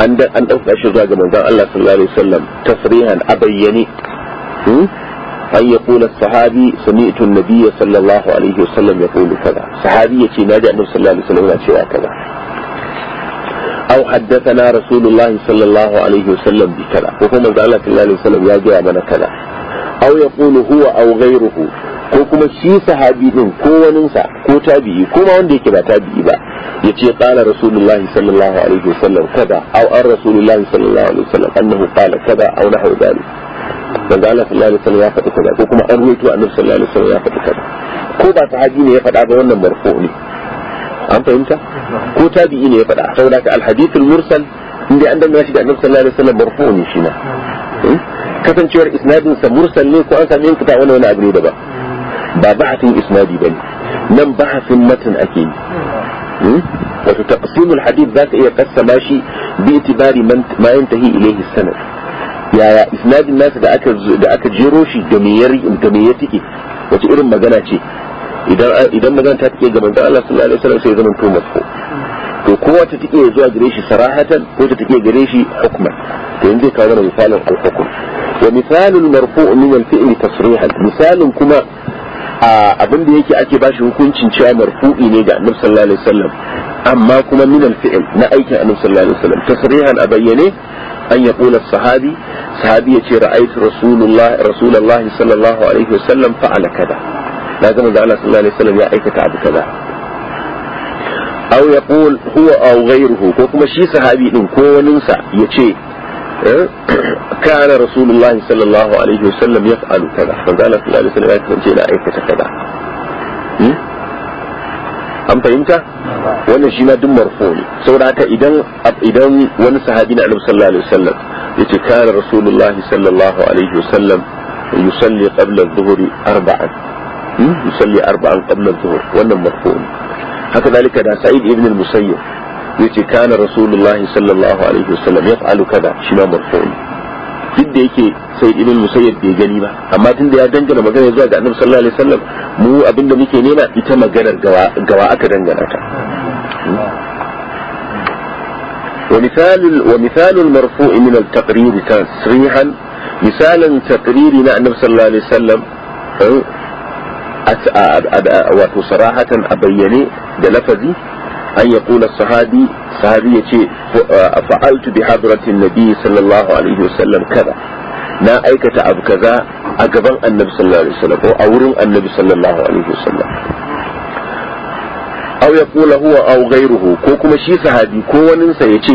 Speaker 1: an da an dauka shi zuwa ga manzon Allah sallallahu alaihi wasallam tasrihan abayyani bayyane an ya kula sahabi sami'tu nabiyya sallallahu alaihi wasallam ya kula kaza sahabi ya ce naji annabi sallallahu alaihi wasallam yana cewa kaza aw haddathana rasulullahi sallallahu alaihi wasallam bi kaza ko kuma manzon Allah sallallahu alaihi wasallam ya ga mana kaza aw ya kula huwa aw ghayruhu ko kuma shi sahabi din ko waninsa ko tabi'i ko ma wanda yake ba tabi'i ba ya ce qala rasulullahi sallallahu alaihi wasallam kada aw an rasulullahi sallallahu alaihi wasallam annahu qala kada aw nahwu dhalik manzo Allah sallallahu alaihi wasallam ya faɗi kada. ko kuma an ruwaito annabi sallallahu alaihi wasallam ya faɗi kada. ko ba sahabi ne ya faɗa ba wannan marfu ne an fahimta ko tabi'i ne ya faɗa saboda ka alhadithul mursal inda an danna shi da annabi sallallahu alaihi wasallam marfu ne shi ma hmm? kasancewar isnadin sa mursal ne ko an sami yankuta wani wani abu ne daban ba ba'atin isnadi bane nan ba'atin matan ake yi wato taqsimul hadith zaka iya kassama shi bi itibari man ma yantahi ilayhi sanad ya ya isnadin nasa da aka da aka jero shi da me yari da me ya tike wace irin magana ce idan idan magana ta tike ga manzon Allah sallallahu alaihi wasallam sai zaman to mafu to ko wata tike zuwa gare shi sarahatan ko ta tike gare shi hukman to yanzu zai kawo mana misalin al-hukm wa misalul marfu' min al-fi'li tasrihan misalin kuma abin da yake ake bashi hukuncin cewa marfu'i ne ga annabi sallallahu alaihi wasallam amma kuma min al-fi'l na aikin annabi sallallahu alaihi wasallam tasrihan a bayyane an ya kula sahabi sahabi yace ra'aytu rasulullah rasulullahi sallallahu alaihi wasallam fa'ala kaza na ga manzo Allah sallallahu alaihi wasallam ya aikata abu kaza aw yaqul huwa aw ghayruhu ko kuma shi sahabi din ko waninsa yace Eh? kana rasulullahi sallallahu alaihi wasallam ya fa'alu kaza manzo Allah sallallahu alaihi wasallam ya kasance na aikata kaza hmm? an fahimta wannan shi na duk marfo ne saboda haka idan idan wani sahabi na annabi sallallahu alaihi wasallam yace kana rasulullahi sallallahu alaihi wasallam yusalli qabla adh arba'an hmm? yusalli arba'an qabla adh wannan marfo ne haka zalika da sa'id ibn al yace kana rasulullahi sallallahu alaihi wasallam yaf'alu kaza shi ma marfu'un duk da yake sai ibn musayyib bai gani ba amma tunda ya dangana magana zuwa ga annabi sallallahu alaihi wasallam mu abinda muke nema ita maganar gawa gawa aka dangana ta ومثال ومثال المرفوع من التقرير تصريحا مثالا تقريرنا النبي صلى الله عليه وسلم wato sarahatan a bayyane da lafazi an ya kula sahabi sahabi ya ce fa'altu bi hadratin nabi sallallahu alaihi wasallam kada na aikata abu kaza a gaban annabi sallallahu alaihi wasallam ko a wurin annabi sallallahu alaihi wasallam aw ya kula huwa aw ghayruhu ko kuma shi sahabi ko waninsa ya ce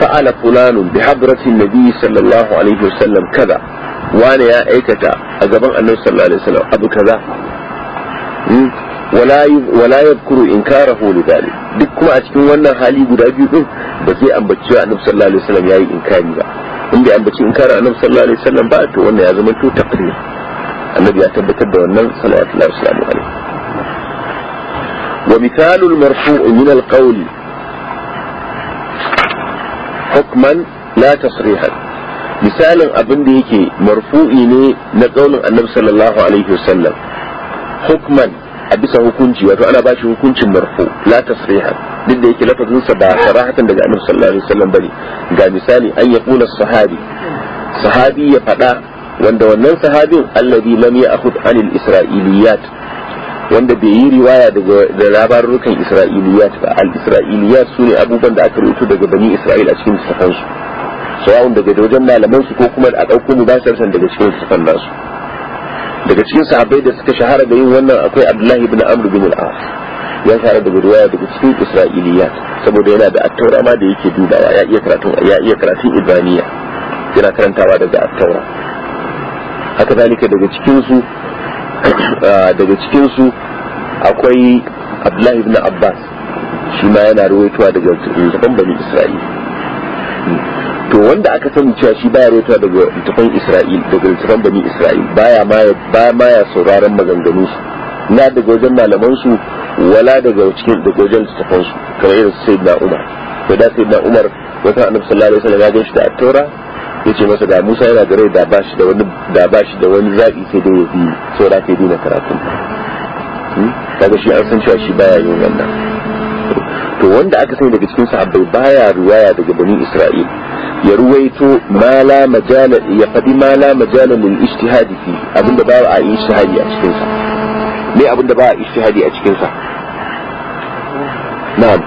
Speaker 1: fa'ala fulanun bi hadratin nabi sallallahu alaihi wasallam kada wane ya aikata a gaban annabi sallallahu alaihi wasallam abu kaza hmm? wala yadhkuru inkarahu lidhalik duk kuma a cikin wannan hali guda biyu din ba zai ambaci cewa annabi sallallahu alaihi wasallam yayi inkari ba in bai ambaci inkarin annabi sallallahu alaihi wasallam ba to wannan ya zama to taqrir annabi ya tabbatar da wannan sallallahu alaihi wasallam wa mithalul marfu' min al-qawli hukman la tasrihan misalin abin da yake marfu'i ne na ƙaunin annabi sallallahu alaihi wasallam hukman a bisa hukunci wato ana bashi hukuncin marfu la tasriha duk da yake lafazin sa ba sarahatan daga annabi sallallahu alaihi wasallam bane ga misali an ya kula sahabi sahabi ya fada wanda wannan sahabin alladhi lam ya'khud anil isra'iliyat wanda bai yi riwaya daga da labarukan isra'iliyat ba al isra'iliyat sune abubuwan da aka rubuta daga bani isra'il a cikin littafin su sawa'un daga wajen malaman su ko kuma a dauko mubasharatan daga cikin littafin nasu daga cikin sahabbai da suka shahara da yin wannan akwai abdullahi ibn amr bin al-as ya shahara daga riwaya daga cikin isra'iliya saboda yana da attaura ma da yake dubawa ya iya karatun ya iya karatun ibraniya yana karantawa daga attaura haka zalika daga cikin su ah, daga cikin su akwai abdullahi ibn abbas shi ma yana ruwaitowa daga littafin bani isra'ila hmm. to wanda aka sani cewa shi baya rota daga littafan isra'il daga littafan bani isra'il baya ma baya ma ya sauraron maganganu su na daga wajen malaman su wala daga cikin daga wajen littafan su kamar irin sayyidina umar to da sayyidina umar wata annabi sallallahu alaihi wasallam ya ga shi da at Ya ce masa da Musa yana da rai da bashi da wani da bashi da wani zabi sai dai ya bi saura sai dai na Ta hmm? kaga shi an san cewa shi baya yin wannan to wanda aka sani daga cikin sahabbai baya ruwaya daga bani isra'il ya ruwaito ma la majala ya faɗi ma la majala lil ijtihadi fi abinda ba a ijtihadi a cikin sa me abinda ba a ijtihadi a cikin sa na'am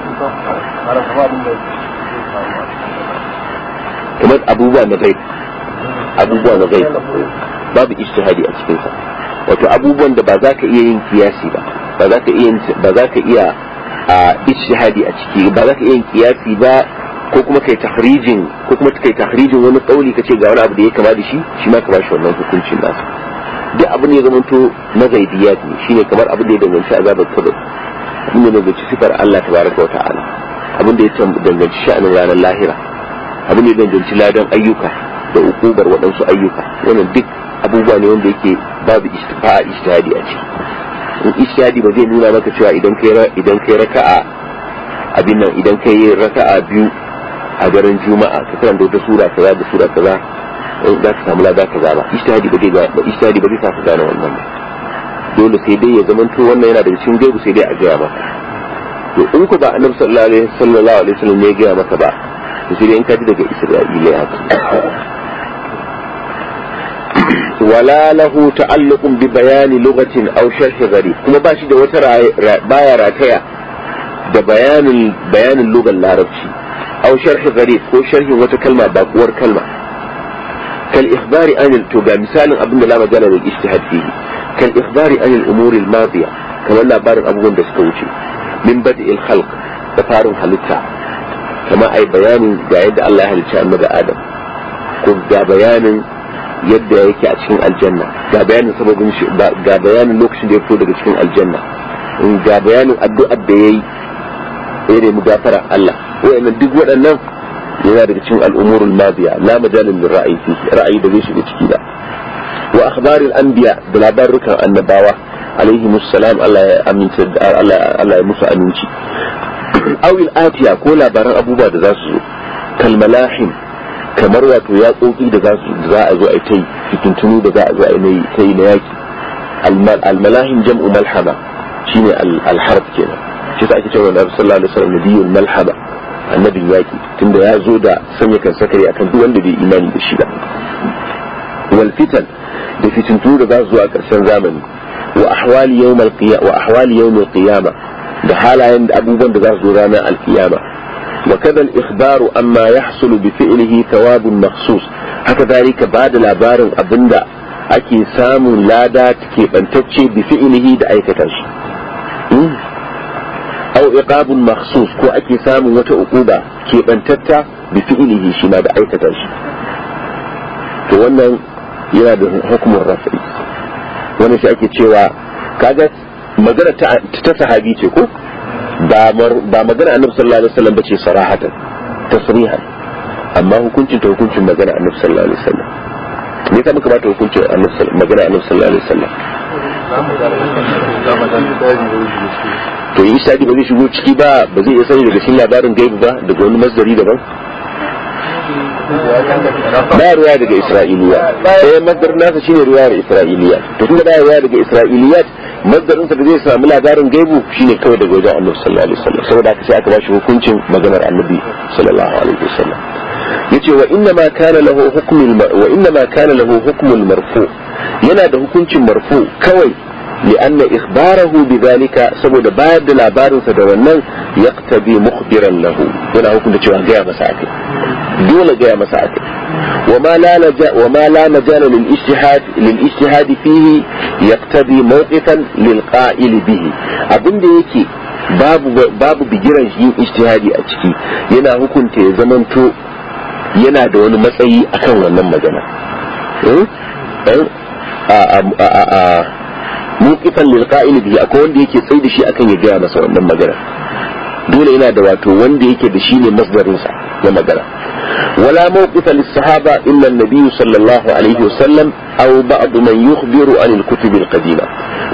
Speaker 1: kamar abubuwa na gaib abubuwa na gaib babu ijtihadi a cikin sa wato abubuwan da ba za ka iya yin kiyasi ba ba za ka iya ba za ka iya a ijtihadi a ciki ba za ka iya yin kiyasi ba ko kuma kai tahrijin ko kuma kai tahrijin wani kauli kace ga wani abu da ya kama da shi shi ma ka bashi wannan hukuncin nasa duk abin da ya zama na mazaidiya ne shine kamar abin da ya danganci azabar kabari abin da ya danganci sifar Allah tabaraka wa ta'ala abin da ya danganci sha'anin ranar lahira abin da ya danganci ladan ayyuka da ukubar waɗansu ayyuka wannan duk abubuwa ne wanda yake babu istifa'a ijtihadi a ciki in ijtihadi ba zai nuna maka cewa idan kai idan kai raka'a abin nan idan kai raka'a biyu a daren juma'a ka karanta wata sura kaza da sura kaza eh, za ka samu lada kaza ba ishtihadi ba zai ba ijtihadi ba zai sa ka gane wannan ba dole sai dai ya to wannan yana daga cikin gaibu sai dai a gaya maka to in ku ba annabi sallallahu alaihi sallallahu alaihi wasallam ne ya gaya maka ba to sai dai in ka ji daga isra'ila ya ka wala lahu ta'alluqun bi bayani lughatin aw sharh gharib kuma ba shi da wata baya rataya da bayanin bayanin lugar larabci أو شرح غريب أو شرح وتكلمة باقور كلمة كالإخبار عن التوبة مثال أبن لا مجال للاجتهاد فيه كالإخبار عن الأمور الماضية كما لا بار أبوان دستوشي من بدء الخلق تفار حلتها كما أي بيان قاعد الله حلتها النبي آدم كذا بيان yadda yake a cikin aljanna ga bayanin sababin ga bayanin lokacin da ya fito daga cikin aljanna ga bayanin addu'ar da yayi ya nemi gafarar Allah wayannan duk waɗannan yana daga cikin al'umurul madiya la majalin min ra'ayi fi ra'ayi da zai shiga ciki ba wa akhbaril anbiya da labarukan annabawa alaihi musallam Allah ya aminta Allah Allah ya musu aminci awil atiya ko labaran abubuwa da za su zo kalmalahim kamar wato yaƙoƙi da za a zo a ta yi fitintunu da za a zo a ta yi na yaƙi almalahim jam'u malhama shine alharb kenan shi sa ake cewa nabi sallallahu alaihi wasallam nabiyul malhama annabin yaƙi tunda ya zo da sanya kan akan duk wanda bai imani da shi ba wal da fitintu da za su a ƙarshen zamani wa ahwali yawmal da halayen da abubuwan da za su zo ranar alkiyama wa kada al amma yahsulu bi fi'lihi thawabun mahsus haka zalika ba da labarin abinda ake samun lada take bantacce bi fi'lihi da aikata shi iqabun makhsus ko ake samun wata uquba keɓantatta bi fi'lihi shi ma da aikata shi to wannan yana da hukumar rafi wani shi ake cewa kaga magana ta sahabi ce ko ba magana annabi sallallahu alaihi wasallam bace sarahatan tasrihan amma hukuncin ta hukuncin magana annabi sallallahu alaihi wasallam ne ka muka bata hukuncin magana annabi sallallahu alaihi wasallam to yin shadi ba zai shigo ciki ba ba zai iya sani daga cikin labarin gaibu ba daga wani masdari daban ba ruwa daga isra'iliya sai masdar nasa shine ruwa da isra'iliya to tunda ba ruwa daga isra'iliya masdarin sa da zai samu labarin gaibu shine kawai daga wajen annabi sallallahu alaihi wasallam saboda haka sai aka bashi hukuncin maganar annabi sallallahu alaihi wasallam yace wa inna ma kana lahu hukmul wa inna ma kana lahu hukmul marfu yana da hukuncin marfu kawai لأن إخباره بذلك سبب بعد لابار سدونا يقتضي مخبرا له هنا هو كنت شوها جاء مساعتي دون جاء مساعتي وما لا لجا وما لا مجال للاجتهاد للاجتهاد فيه يقتضي موقفا للقائل به أبن يكي babu babu bigiran yin ijtihadi a ciki yana hukunta ya zamanto yana da wani matsayi akan wannan magana muqifan lil qa'il bihi akwai wanda yake tsayi da shi akan ya gaya masa wannan magana dole yana da wato wanda yake da shi ne masdarin sa ya magana wala mawqifa lis sahaba illa an-nabiy sallallahu alaihi wasallam aw ba'd man yukhbiru an al-kutub al-qadima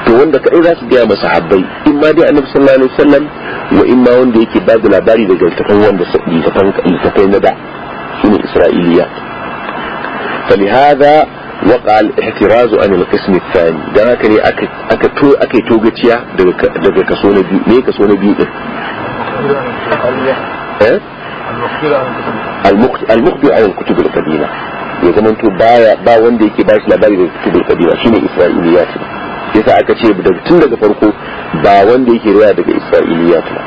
Speaker 1: to wanda kai za su gaya masa habbai in ma dai annabi sallallahu alaihi wasallam wa in ma wanda yake ba da labari daga littafan wanda littafan kai na da ne isra'iliya فلهذا وقع الاحتراز عن القسم الثاني dan haka ne aka to aka yi togaciya daga daga kaso na biyu ne kaso na biyu din eh al-mukhbir an kutub al-qadima ya zama to baya ba wanda yake ba shi labari daga kutub al-qadima shine isra'iliya ce yasa aka ce daga tun daga farko ba wanda yake riya daga isra'iliya ba.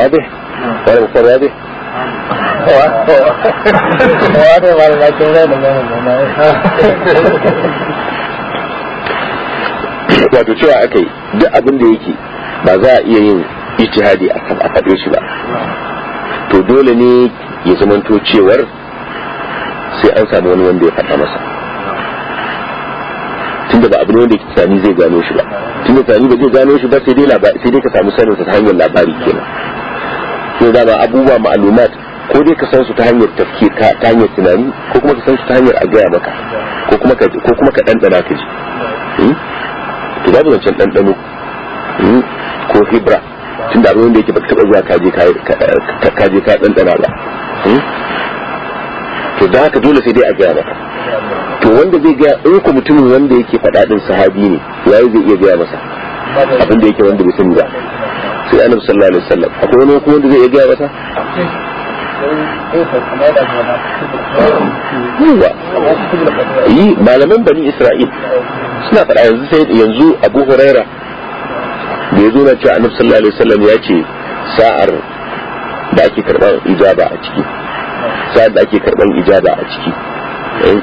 Speaker 1: Wabe. ولا مختار hmm. wabe.
Speaker 2: wato mallakin zai da mai mai
Speaker 1: wato cewa aka yi duk abin da yake ba za a iya yin ijtihadi a kaɗe shi ba to dole ne ya zamanto cewar sai an samu wani wanda ya faɗa masa tun da ba abu ne wanda sami zai gano shi ba tun da sami ba zai gano shi ba sai dai ka samu sanin ta hanyar labari kenan sai dama abubuwa ma'alumat ko dai ka san su ta hanyar tafkir ta hanyar tunani ko kuma ka san su ta hanyar a gaya maka ko kuma ka ko ka dandana ka ji hmm? to babu zancen dandano hmm? ko hibra da abin da yake baka taba zuwa kaje kaje ka dandana ba hmm? to da haka dole sai dai a gaya maka to wanda zai gaya in ku mutumin wanda yake faɗa din sahabi ne yayi zai iya gaya masa abin da yake wanda bai sani ba sai annabi sallallahu alaihi wasallam akwai wani kuma da zai iya gaya
Speaker 2: masa yi
Speaker 1: malaman bani isra'il suna faɗa yanzu sai yanzu abu huraira da ya zo na cewa annabi sallallahu alaihi wasallam ya ce sa'ar da ake karɓar ijaba a ciki sa'ar da ake karɓar ijaba a ciki eh,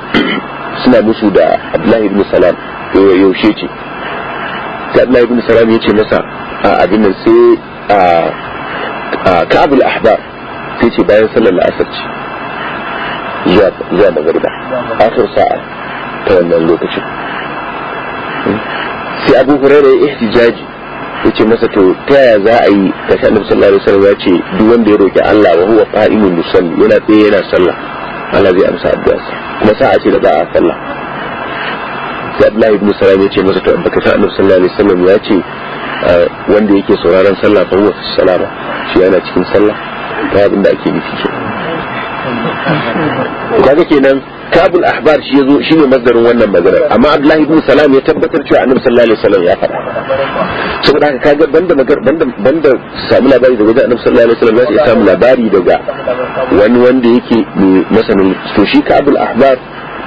Speaker 1: suna musu da abdullahi ibn salam eh, yaushe ce sai Allah ibn Salam ya ce masa abin nan sai Ka'ab al-Ahbar sai ce bayan sallar la'asar ce zuwa zuwa magriba akhir sa'a ta wannan lokacin hmm? sai Abu Hurairah ya ihtijaji yace masa to ta yaya za a yi ta shi annabi sallallahu alaihi wasallam ya ce duk wanda ya roki Allah wa huwa qa'imun musalli yana tsaye yana sallah Allah zai amsa addu'arsa kuma sa'a ce da ba a sallah sai Abdullahi ibn Salam ya ce masa to baka san Annabi sallallahu alaihi wasallam ya ce ah, wanda yake sauraron sallah fa huwa salama shi yana cikin sallah ta abin da ake nufi ke kaga kenan kabul ahbar shi yazo shine masdarin wannan magana amma Abdullahi ibn Salam ya tabbatar cewa Annabi sallallahu alaihi wasallam ya faɗa saboda haka kaga banda magar banda banda samu labari daga Annabi sallallahu alaihi wasallam ya ce samu labari daga wani wanda yake masanin to shi kabul ahbar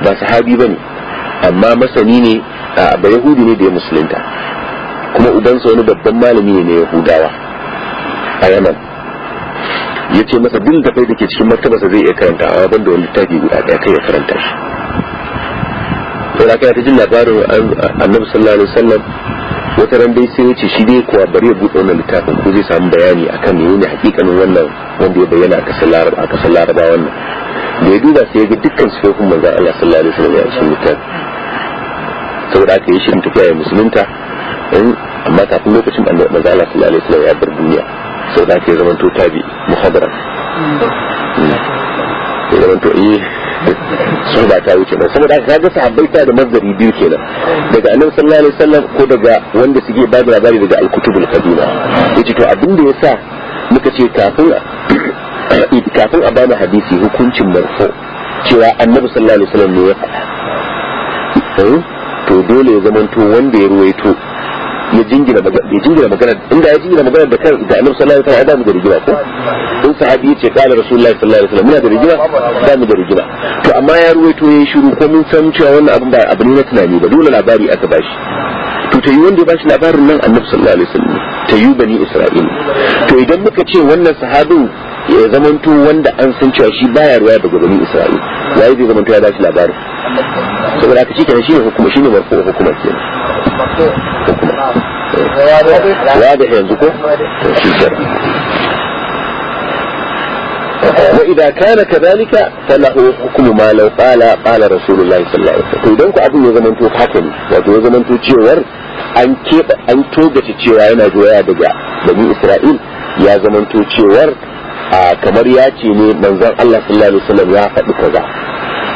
Speaker 1: ba sahabi bane amma masani ne ba yahudi ne da ya musulunta kuma ubansa wani babban malami ne na yahudawa a yaman ya ce masa duk da kai da ke cikin martabarsa zai iya karanta a wajen wani littafi guda ɗaya kai ya karanta shi da aka ta jin labarin annabi sallallahu alaihi wasallam wata ran dai sai ya ce shi dai kuwa bari ya buɗe wannan littafin ko zai samu bayani akan menene hakikanin wannan wanda ya bayyana a kasar laraba wannan da ya duba sai ya ga dukkan sufofin manzan Allah sallallahu alaihi wasallam a cikin littafi saboda aka yi shirin tafiya ya musulunta amma kafin lokacin manzan Allah sallallahu alaihi wasallam ya bar duniya saboda aka yi zaman to tabi muhadara
Speaker 2: sai
Speaker 1: zaman to eh su ba ta wuce ba saboda ka ga sahabbai ta da mazari biyu kenan daga annabi sallallahu alaihi wasallam ko daga wanda suke ba da labari daga al-kutubul qadima yace to abin da yasa muka ce kafin kafin a bani hadisi hukuncin marfo cewa annabi sallallahu alaihi wasallam ne ya faɗa hmm? to dole ya zamanto wanda ya ruwaito ya jingina ya jingina magana inda ya jingina magana da kan da annabi sallallahu alaihi wasallam da rigima ko in sahabi yace qala rasulullahi sallallahu alaihi wasallam muna da rigima da mu da rigima to amma ya ruwaito yayin shiru ko mun san cewa wannan abin ba abu na tunani ba dole labari aka bashi to ta yi wanda ya bashi labarin nan annabi sallallahu alaihi wasallam tayi bani isra'ila to idan muka ce wannan sahabin ya zamanto wanda an san cewa shi baya ruwa daga bani isra'il yayi bai zamanto ya dace labari saboda haka shikenan shine hukuma shine marfu hukuma kenan
Speaker 2: hukuma ya da yanzu ko shi
Speaker 1: وإذا كان كذلك فله حكم ما لو قال قال رسول الله صلى الله عليه وسلم إذن ku abin ya zamanto haka ne wato ya zamanto cewar an keɓe an togace cewa yana doya daga bani Isra'il ya zamanto cewar a kamar ya ce ne manzon Allah sallallahu alaihi wasallam ya faɗi kaza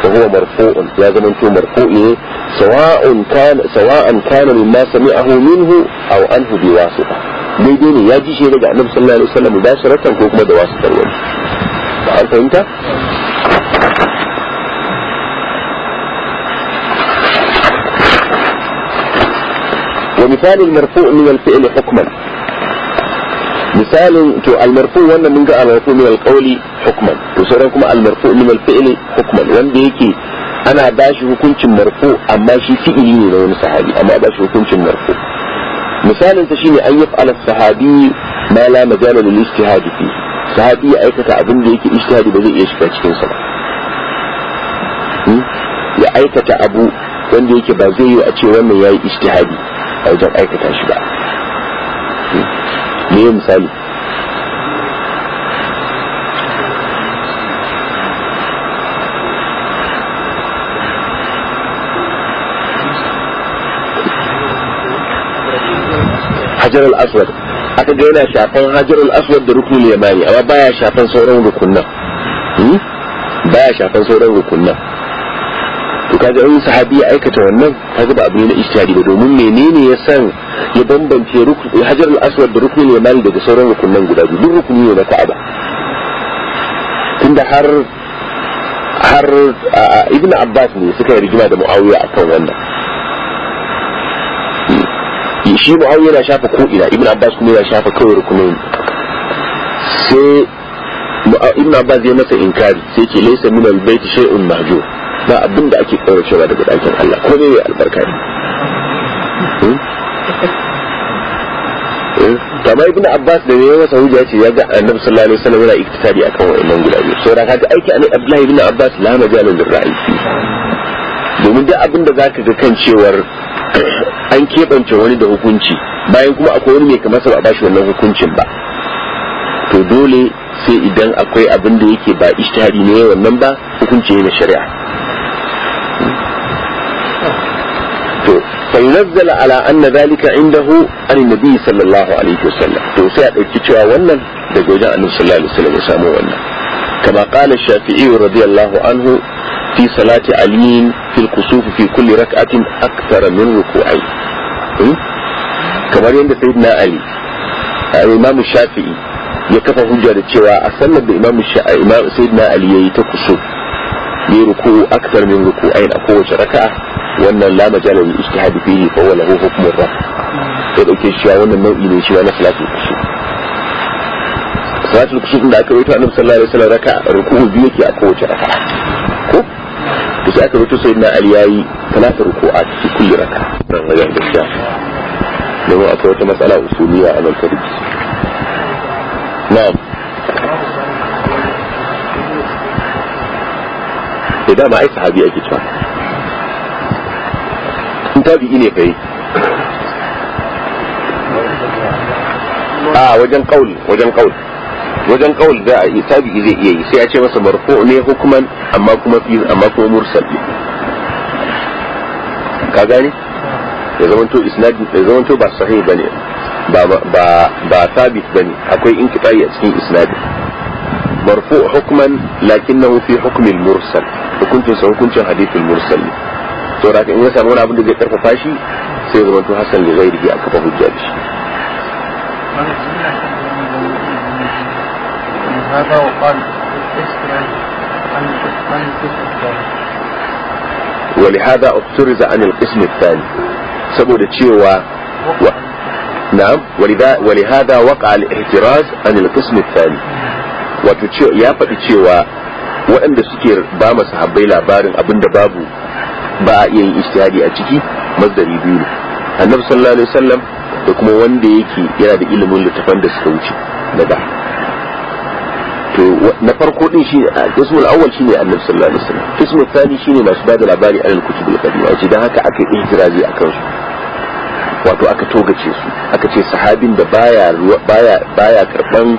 Speaker 1: وهو مرفوع يا زمن تو مرفوع إيه؟ سواء كان سواء كان مما سمعه منه او عنه بواسطه daidai ne ya ji shi daga annabi sallallahu alaihi wasallam mubasharatan ko kuma da wasitar wani ba an fahimta ومثال المرفوع من الفعل حكما misalin to almarfu wannan mun ga almarfu min alqawli hukman to sauran kuma almarfu min alfi'li hukman wanda yake ana ba shi hukuncin marfu amma shi fi'ili ne na wani sahabi amma ba shi hukuncin marfu misalin ta shine an yaf'ala sahabi ma la majala lil ijtihad fi sahabi ya aikata abin da yake ijtihadi ba zai iya shiga cikin sa ba hmm? ya aikata abu wanda yake ba zai yi a ce wannan yayi istihadi a wajen aikata shi ba hmm? me misali hajar al-aswad aka ga yana shafan hajar al-aswad da rukunin yamani amma baya shafan sauran rukunan hmm? baya shafan sauran rukunan to kaga in sahabi ya aikata wannan kaga ba abu ne na ijtihadi ba domin menene ya san ya bambance hajar al-aswad da rukunin yamani daga sauran rukunan guda biyu duk rukuni ne na ka'aba tunda har har ibn abbas ne suka yi rigima da muawiya akan wannan hmm. shi muawiya na shafa ko ina ibn abbas kuma ya shafa kawai rukunin sai ibn abbas ya masa inkari sai ke laysa min al-bayt shay'un mahjur ba abin da ake cewa daga ɗakin Allah ko ne albarka ne kamar hmm? hmm? ibn abbas da yawa wasa hujja ce ya ga annabi sallallahu alaihi wasallam yana iktisadi akan wannan guda biyu da kaga aiki annabi abdullahi ibn abbas la majalun lir ra'yi domin duk abin da zaka ga kan cewar an kebance wani da hukunci bayan kuma akwai wani mai kamar sa ba bashi wannan hukuncin ba to dole sai idan akwai abin da yake ba ishtihadi ne wannan ba hukunci ne na shari'a فينزل على أن ذلك عنده عن النبي صلى الله عليه وسلم توسيع الكتوى ونن دقوجاء النبي صلى الله عليه وسلم يسامو ونن كما قال الشافعي رضي الله عنه في صلاة علي في الكسوف في كل ركعة أكثر من ركوعين كما عند سيدنا علي الإمام الشافعي يكفى هجرة التوى أصلا بإمام الشافعي سيدنا علي يتكسوف yi ruku aksar min ruku ayin a kowace raka wannan la majala lil ijtihad fihi fa huwa lahu hukmun raf sai dauke shi wannan nau'i ne shi na salatul kusuf salatul kusuf da aka rawaito annabi sallallahu alaihi wasallam raka ruku biyu yake a kowace raka ko sai aka rawaito sayyidina ali yayi talata ruku'at wata matsala a Na kai dama ai sahabi ake cewa in tabi'i ne kai a ah, wajen kaul wajen kaul wajen kaul da tabi'i zai iya yi sai ya ce masa marfu ne hukuman amma kuma fi amma kuma mursal ka gane ya to isnad ya to ba sahih bane ba ba ba sabit bane akwai inkitai a cikin isnadin مرفوع حكما لكنه في حكم المرسل وكنت سوف كنت حديث المرسل سورة إن يسأل ولا بد أن فاشي سيد من حسن لغيره أكبر الجالش
Speaker 2: هذا وقال
Speaker 1: ولهذا افترز عن القسم الثاني سبب تشيوا و... نعم ولذا ولهذا وقع الاحتراز عن القسم الثاني wato ya faɗi cewa waɗanda suke ba masu habbai labarin abinda babu ba a iya yin istihadi a ciki mazdari biyu ne annabi sallallahu alaihi wasallam da kuma wanda yake yana da ilimin littafan da suka wuce daga to na farko din shi ismul awwal shine annabi sallallahu alaihi wasallam ismul thani shine masu bada labari an kutubul qadim a cikin haka aka yi ijrazi akan su wato aka togace su aka ce sahabin da baya baya baya karban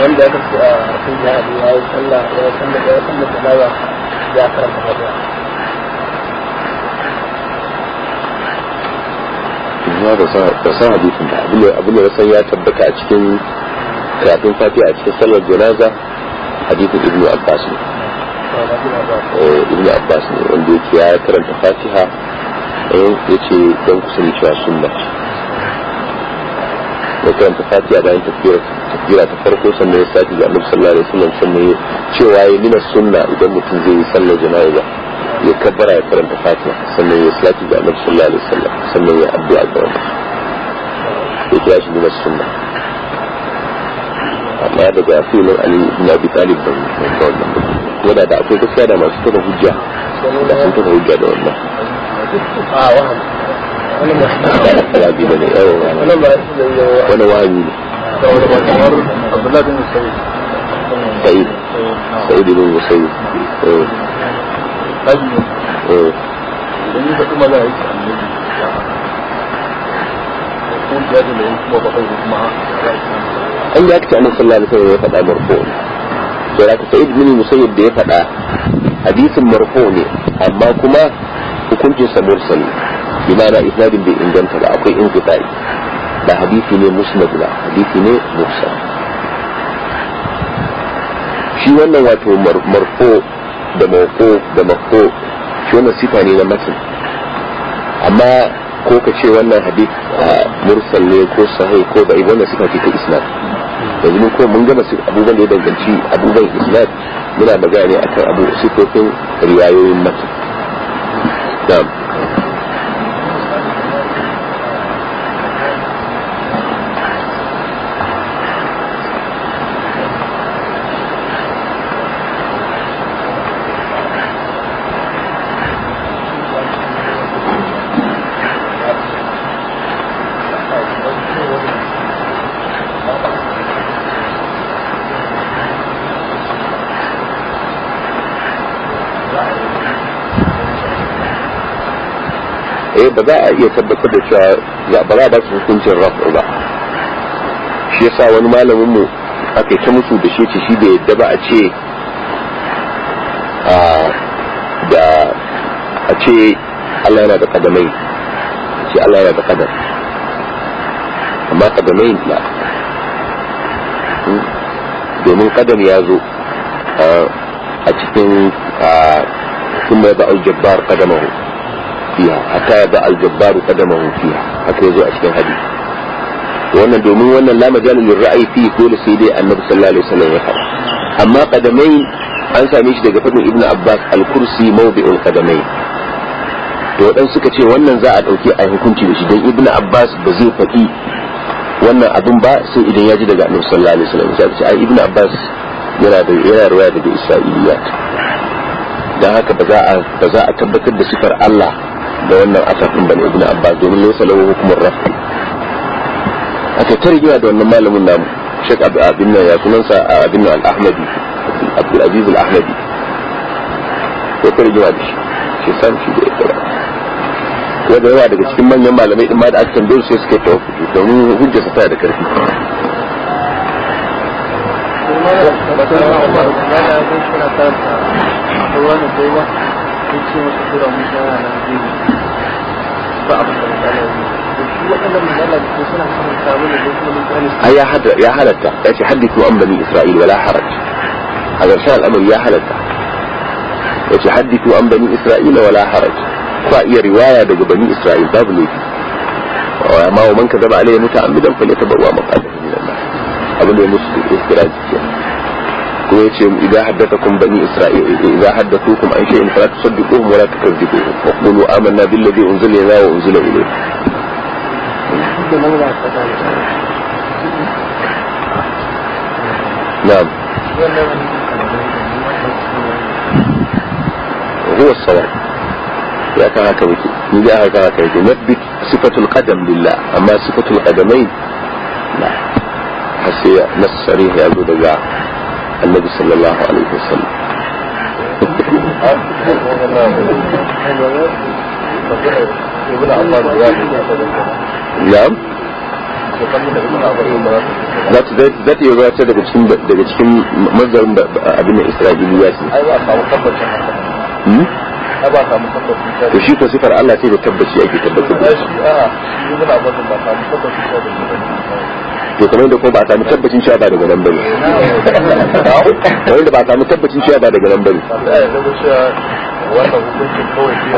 Speaker 2: wanda aka ce a rasul ya abu ya yi sallah ya yi sallah ya yi sallah da lawa ya karanta fatiha
Speaker 1: kuma da sa hadisin da abin da san ya tabbata a cikin karatun fatiha a cikin sallar janaza hadisin ibnu abbas ne eh, ibnu abbas ne wanda yake ya karanta fatiha eh, ya ce don kusan cewa sunna da karanta fatiha bayan takbira takbira ta farko sannan ya sati ga annabi sallallahu alaihi wasallam sannan ya cewa ya nuna sunna idan mutum zai yi sallar jana'iza ya kabbara ya karanta fatiha sannan ya sati ga annabi sallallahu alaihi wasallam sannan ya addu'a ga ya kira shi nuna sunna amma daga filin ali ibn abi talib wannan kuma da akwai gaskiya da masu hujja da sun hujja da wannan لا أجيب لي ولو أجيب عبد الله بن سعيد سعيد سعيد بن مسيب
Speaker 2: طيب بالنسبة للملائكة يقول جاد العلم وبطيره معه
Speaker 1: عندي أكتر أنه صلى الله عليه وسلم يفضع مرفوع ولكن سعيد بن المسيب بيفضع حديث مرفوع ne amma kuma hukuncin sa mursal bi ma'ana isnadin bai inganta ba akwai in inqita'i da hadisi ne musnad ba hadisi ne mursal shi wannan wato marfo da mako da mako shi wannan sifa ne na matan amma ko ka ce wannan hadith mursal ne ko sahih ko da wannan sifa ce ta isnad yanzu mun ko mun gama abubuwan da ya danganci abubuwan isnad muna magana ne akan abu sifofin riwayoyin matan them. ba za a iya tabbatar da cewa ba za a ba su hukuncin rafu ba shi yasa wani malamin mu aka yi ta musu da shi ce shi da yadda ba a ce da a ce Allah yana da kadamai ce Allah yana da kadar amma kadamai na domin kadam ya zo a cikin sun mai ba'ul jabbar kadamahu fiha hatta ya ba aljabbaru qadamahu fiha haka yazo a cikin hadisi wannan domin wannan la lil ra'yi fi dole sai dai annabi sallallahu alaihi wasallam ya amma qadamai an same shi daga fadin ibnu abbas al-kursi mawdi'ul qadamai to suka ce wannan za a dauke a hukunci da shi dan ibnu abbas ba zai wannan ba sai idan ya ji daga annabi sallallahu alaihi wasallam sai ce ai ibnu abbas yana da yana ruwaya daga isra'iliyat dan haka ba za a ba za a tabbatar da sifar Allah da wannan asafin bane ibn abbas domin laysa lahu hukumur rafi aka tarjiya da wannan malamin namu shek Abu Abin nan ya sunansa Abin nan Al-Ahmadi Abdul Aziz Al-Ahmadi ko tarjiya da shi shi san shi da ita da yawa daga cikin manyan malamai din ma da aka tambaye sai suka tawafuki domin hujjarsa tana da karfi
Speaker 2: Thank you. يا حد
Speaker 1: يا حالته يأتي حدثوا عن بني إسرائيل ولا حرج هذا رسال الأمر يا حالته يأتي حدثوا عن بني إسرائيل ولا حرج فأي رواية دج بني إسرائيل باب طيب ليكي وما ومن كذب عليه متعمدا فليتبوأ مقعده من النار أبدا مسلم الاستراج ويأتي إذا حدثكم بني إسرائيل إذا حدثوكم أي شيء فلا تصدقوهم ولا تكذبوهم وقولوا آمنا بالذي أنزل إلينا وأنزل إليه نعم هو الصلاة يا كهكبك نجا هكهكبك نثبت صفة القدم لله أما صفة القدمين نعم. لا حسيا نصريه يا ذو النبي صلى الله عليه وسلم نعم za ta za ta iya ta daga cikin daga cikin mazarin da abin da Isra'iliya ce ai ba samu tabbacin haka hmm? ai ba samu tabbacin to shi to kamar da kuma ba a sami tabbacin cewa ba daga nan bane kamar ba a tabbacin cewa ba daga nan bane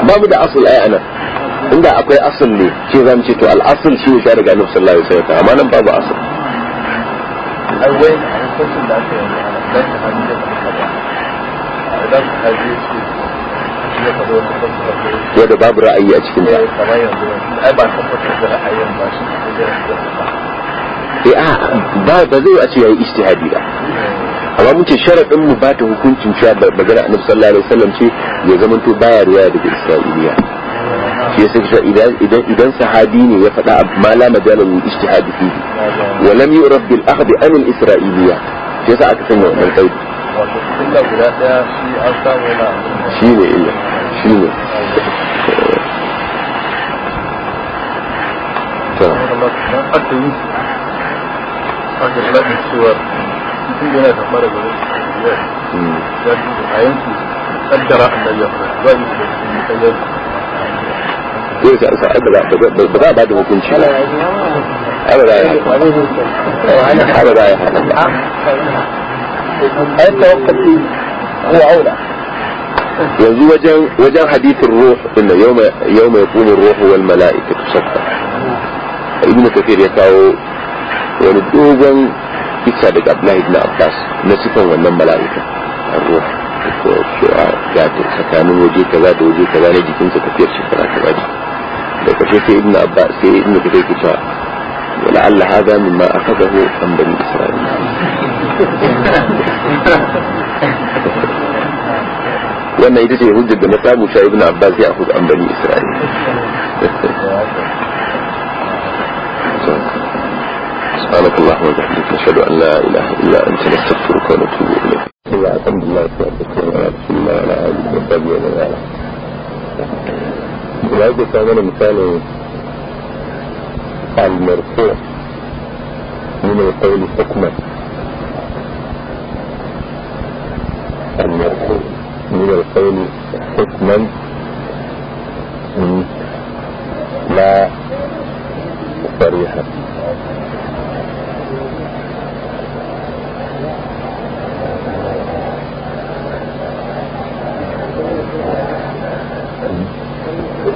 Speaker 1: babu da asul ai ana. inda akwai asul ne ke zan ce to al asul shi ne daga annabi sallallahu alaihi wasallam amma nan babu asul
Speaker 2: da da shi
Speaker 1: wadda babu ra'ayi a cikin ta eh, ba da ba ba zai a ce yayi ijtihadi ba amma mun ce sharadin mu ba ta hukuncin cewa magana annabi sallallahu alaihi wasallam ce ya zamanto baya riwaya daga isra'iliya shi yasa cewa idan idan idan sahabi ne ya faɗa ma la majala min ijtihadi fi wa lam yuraf bil akhd an al isra'iliya shi yasa aka sanya wannan kai shi ne illa shi ne
Speaker 2: to يعني
Speaker 1: وجه وجه حديث الروح ان يوم يوم يقوم الروح والملائكه صفا ابن كثير يتاو wani dogon kisa daga Abdullahi ibn Abbas na sifan wannan mala'ika a ruwa cewa ga tsakanin waje kaza da waje kaza na jikinsa tafiyar shekara kaza ce da kashe sai ibn Abbas sai ibn Kathir ke cewa wala Allah hada mimma akhadahu an bani Isra'il wannan ita ce hujjar da na samu cewa ibn Abbas ya akhudha an bani Isra'il سبحانك اللهم وبحمدك نشهد أن لا إله إلا أنت نستغفرك ونتوب إليك الحمد لله والصلاة والسلام على رسول الله وعلى آله وصحبه ومن والاه وهذا كان مثال المرفوع من القول حكما المرفوع من القول حكما لا صريحا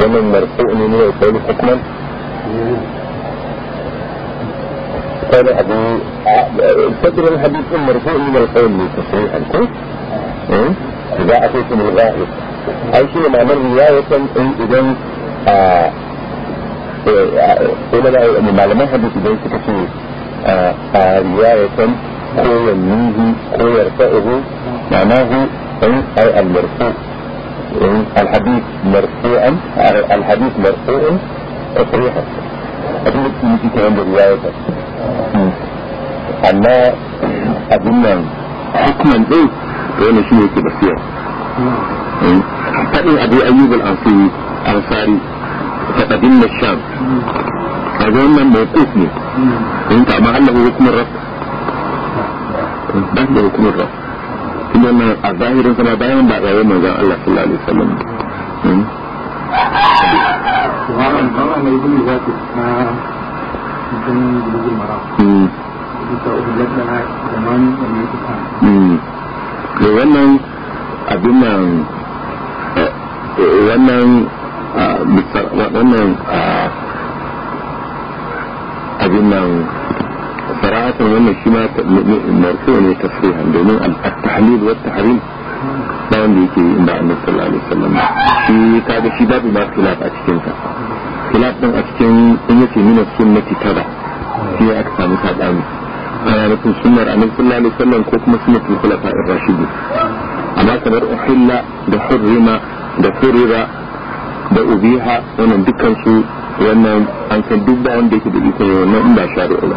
Speaker 1: ومن مرفوع من القول حكما قال أبو صدر الحديث مرفوع من القول تصريحا إذا أتيتم الغائب أي شيء معنى الرواية إذن آه، آه، آه، علماء يعني معلمان حديث إذن كتير رواية هو ينميه هو يرفعه معناه أي المرفوع الحديث مرفوعا الحديث مرفوع صريحا أدلة في كلام الرواية أما اظن حكما إيه وأنا شنو كده فيها حتى إيه أبو أيوب الأنصاري أنصاري فقدمنا الشام هذا هم موقوفني انت مع أنه حكم الرب بس حكم الرب kuma a zahirin sama bayan ba rayuwar manzon Allah sallallahu alaihi wasallam
Speaker 2: wannan hmm? hmm.
Speaker 1: da mara da da da wannan abin nan eh, wannan ah, ah, abin nan قراءة وأن شما مرفوع لتصريحا دون التحليل والتحريم لا يملكي إلا أن صلى الله عليه وسلم في كاد في باب ما خلاف أتكين خلاف من أتكين إنتي من السنة كذا في أكثر من هذا أنا لكم سنة أن صلى الله عليه وسلم كوكما سنة الخلفاء الراشدين أما كبر أحل بحرم بحرر بأبيها ومن دكا سوء wannan an san duk ba wanda yake da iko ne wannan in ba shari'a ba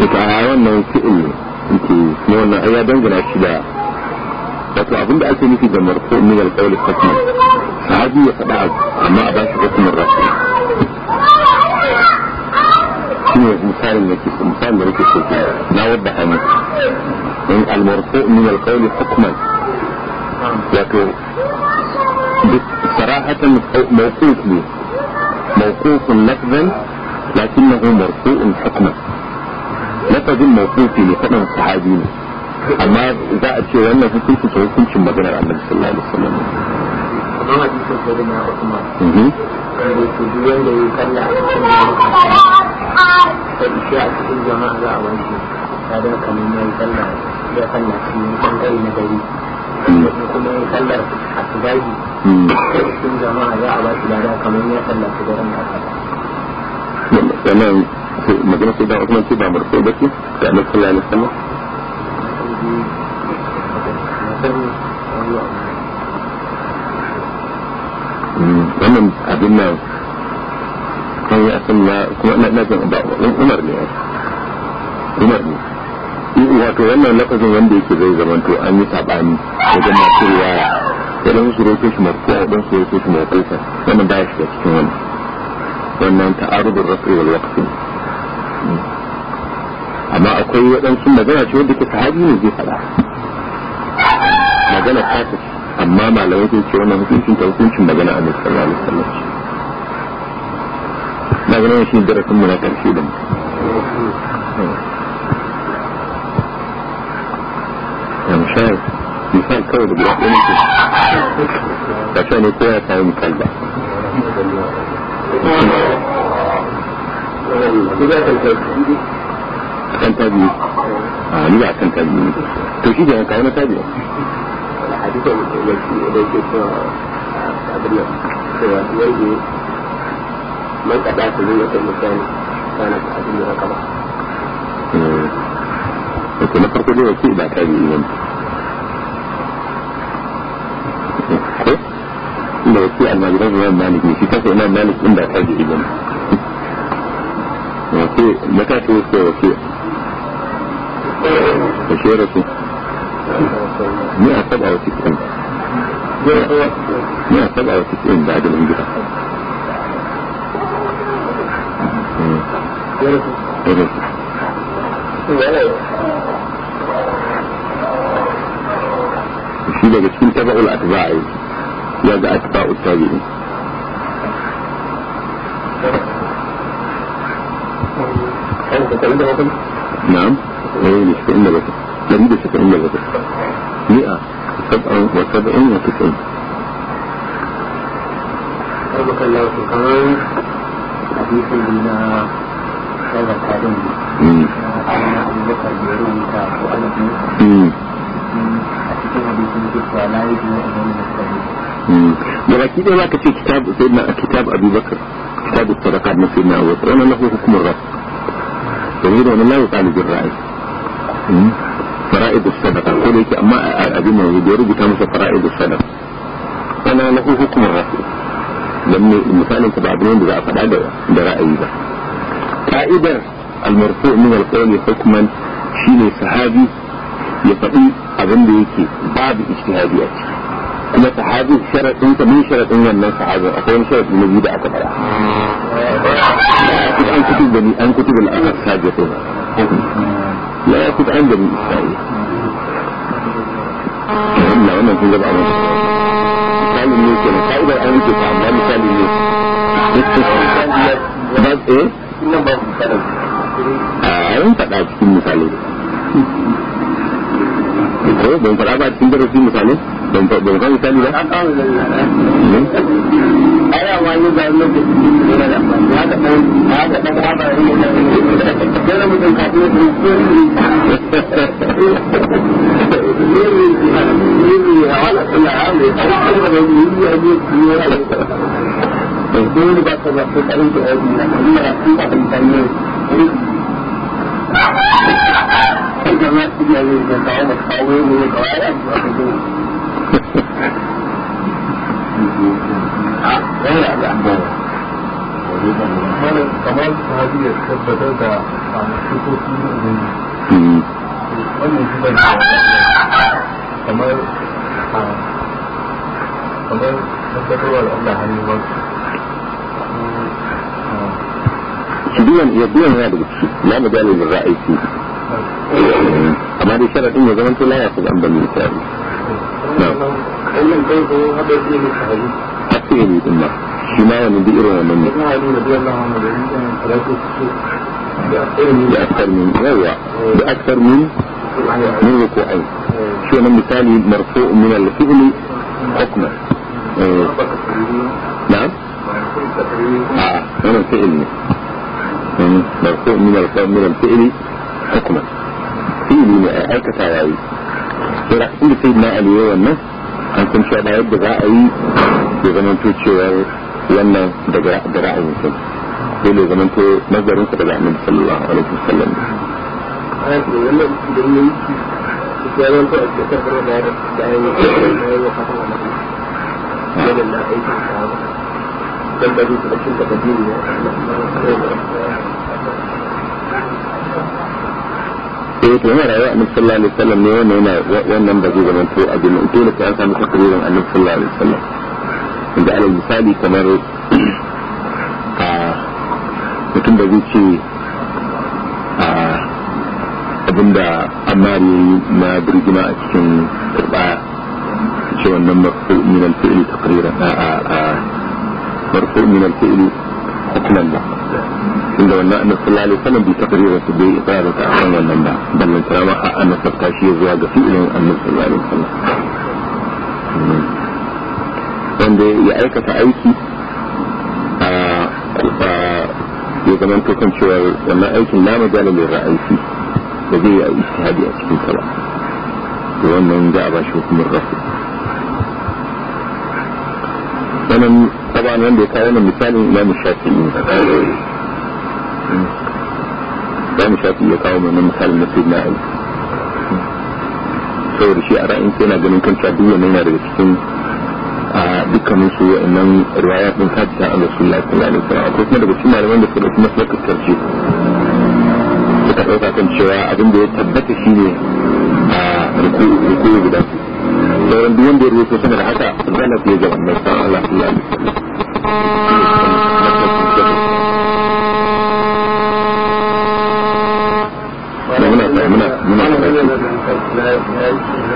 Speaker 1: يتعاون من كل انت مونا ايا دنجل اشداء بس عبند اتني في دمرتو من القول الحكمي عادي يخدع اما اباش قسم الرسول شنو مثال انك مثال مريك الشيخ لا وضح انك من من القول حكما لكن صراحة موقوف لي موقوف نقدا لكنه مرفوع حكما lafazin mawqufi ne faɗin sahabi ne amma za a ce wannan hukuncin ta hukuncin maganar annabi sallallahu alaihi wasallam
Speaker 2: amma kuma
Speaker 1: ya magana سيدة da سيدة مرسوبة تعمل murfi ba ce da Annabi
Speaker 2: sallallahu
Speaker 1: hmm, na na wato wannan lafazin wanda yake zai zamanto an yi sabani wajen masu riwaya idan roƙe shi a cikin wannan rafi amma akwai waɗansu magana ce wanda ke sahabi ne zai faɗa magana ta ce amma malamai sun ce wannan hukuncin ta hukuncin magana a nufin sallallahu alaihi wasallam na ganin shi darasin mu na karshe da mu
Speaker 2: shayar misal kawai da guda ɗaya ne ta ce ne kowa ya samu ba akan tabi a ni ba akan tabi ne
Speaker 1: to shi da kai na tabi hadisi da yake cewa abin nan cewa yayi man kada ne ta mutane kana abin da kama eh to na farko dai shi ba tabi ne ko da wasu almajiran ruwan maliki shi kasa imam malik din ba tabi ne wace mata ce wasu wasu da shi rasu ni a saba wace kitan ni a saba wace kitan da adalin gida shi daga cikin taba'ul atba'i ya ga atba'ul tabi'in نعم ليلة شكرا لك ليلة شكرا مئة سبعة وسبعين وتسعين
Speaker 2: ربك الله سبحانه حديث بالله هذا التعليم أنا أبو بكر بعلوم وأنا ابن
Speaker 1: ولكن هناك كتاب سيدنا كتاب ابي بكر كتاب الصدقات من سيدنا ابو بكر له حكم الرب domin na wani layu ɗalibin ra'ayi fara'id sadaka ko da yake amma abin mai da ya rubuta masa fara'id sadaka ana na hukumar rafi dan misalin ka ba abin da za a faɗa da ra'ayi ba ka'idar al min al-qawli hukman shine sahabi ya faɗi abin da yake babu ijtihadi a ciki kuma sahabi sharadin ka min sharadin wannan sahabin akwai wani sharadi na biyu da aka fara an kutu da ni an kutu da aka sabi ko la ya kutu an da ni isra'i na wannan kun gaba amma misali ne ke na ka'idar an yake ta amma misali ne ba eh a yin faɗa cikin misali ko ban faɗa ba cikin darasin misali đừng có ờ, ờ, ờ, đừng có đi không cái gì đó
Speaker 2: Thank you. kamar sahabi ya tabbatar da wannan shi kamar kamar
Speaker 1: ya biyan yana daga ciki نعم حتى يريد الله حماية من بئر ومن بأكثر من روع بأكثر من من وقوعين شو من مثالي مرفوع من الفعل حكمة نعم اه من الفعل مرفوع من الفعل حكمة فعل أكثر da rakin sai na aliyu wannan an kun cewa ba yadda za a yi ya zama cewar wannan da ra'ayin sun dole zama to nazarin sa daga annabi sallallahu alaihi wasallam da da yake yana rayuwa annabi sallallahu alaihi wasallam ne wannan yana wannan ba zai zama to abin da dole ka san takririn annabi sallallahu alaihi wasallam inda alal misali kamar a mutum da zai ce a abinda amari na birgima a cikin turbaya ce wannan marfu min al-fi'li a a marfu min al-fi'li hukman ba tunda wannan annabi sallallahu alaihi wasallam bai takrira su bai ikrara ta akan wannan ba ballan ta ma a annabi ta shi zuwa ga fi'ilin annabi sallallahu alaihi wasallam wanda ya aikata aiki a ya zama to kan cewa wannan aikin na majala mai ra'ayi da zai yi ijtihadi a cikin sa ba to wannan da a bashi hukumar rafi wannan taban wanda ya kawo wannan misalin imamu shafi'i bani shafi ya kawo mai misalin na sai na aiki. ali da shi a ra'ayin sai na ganin kanta duk wannan yana daga cikin a dukkanin su wa'annan riwaya din hadisa an rasulullahi sallallahu alaihi wasallam akwai kuma daga cikin malaman da suka dauki maslakar tarji suka ɗauka kan cewa abin da ya tabbata shine a ruku'u guda sauran duk wanda ya rubuto sama da haka zalafi ya ga wannan sallallahu alaihi wasallam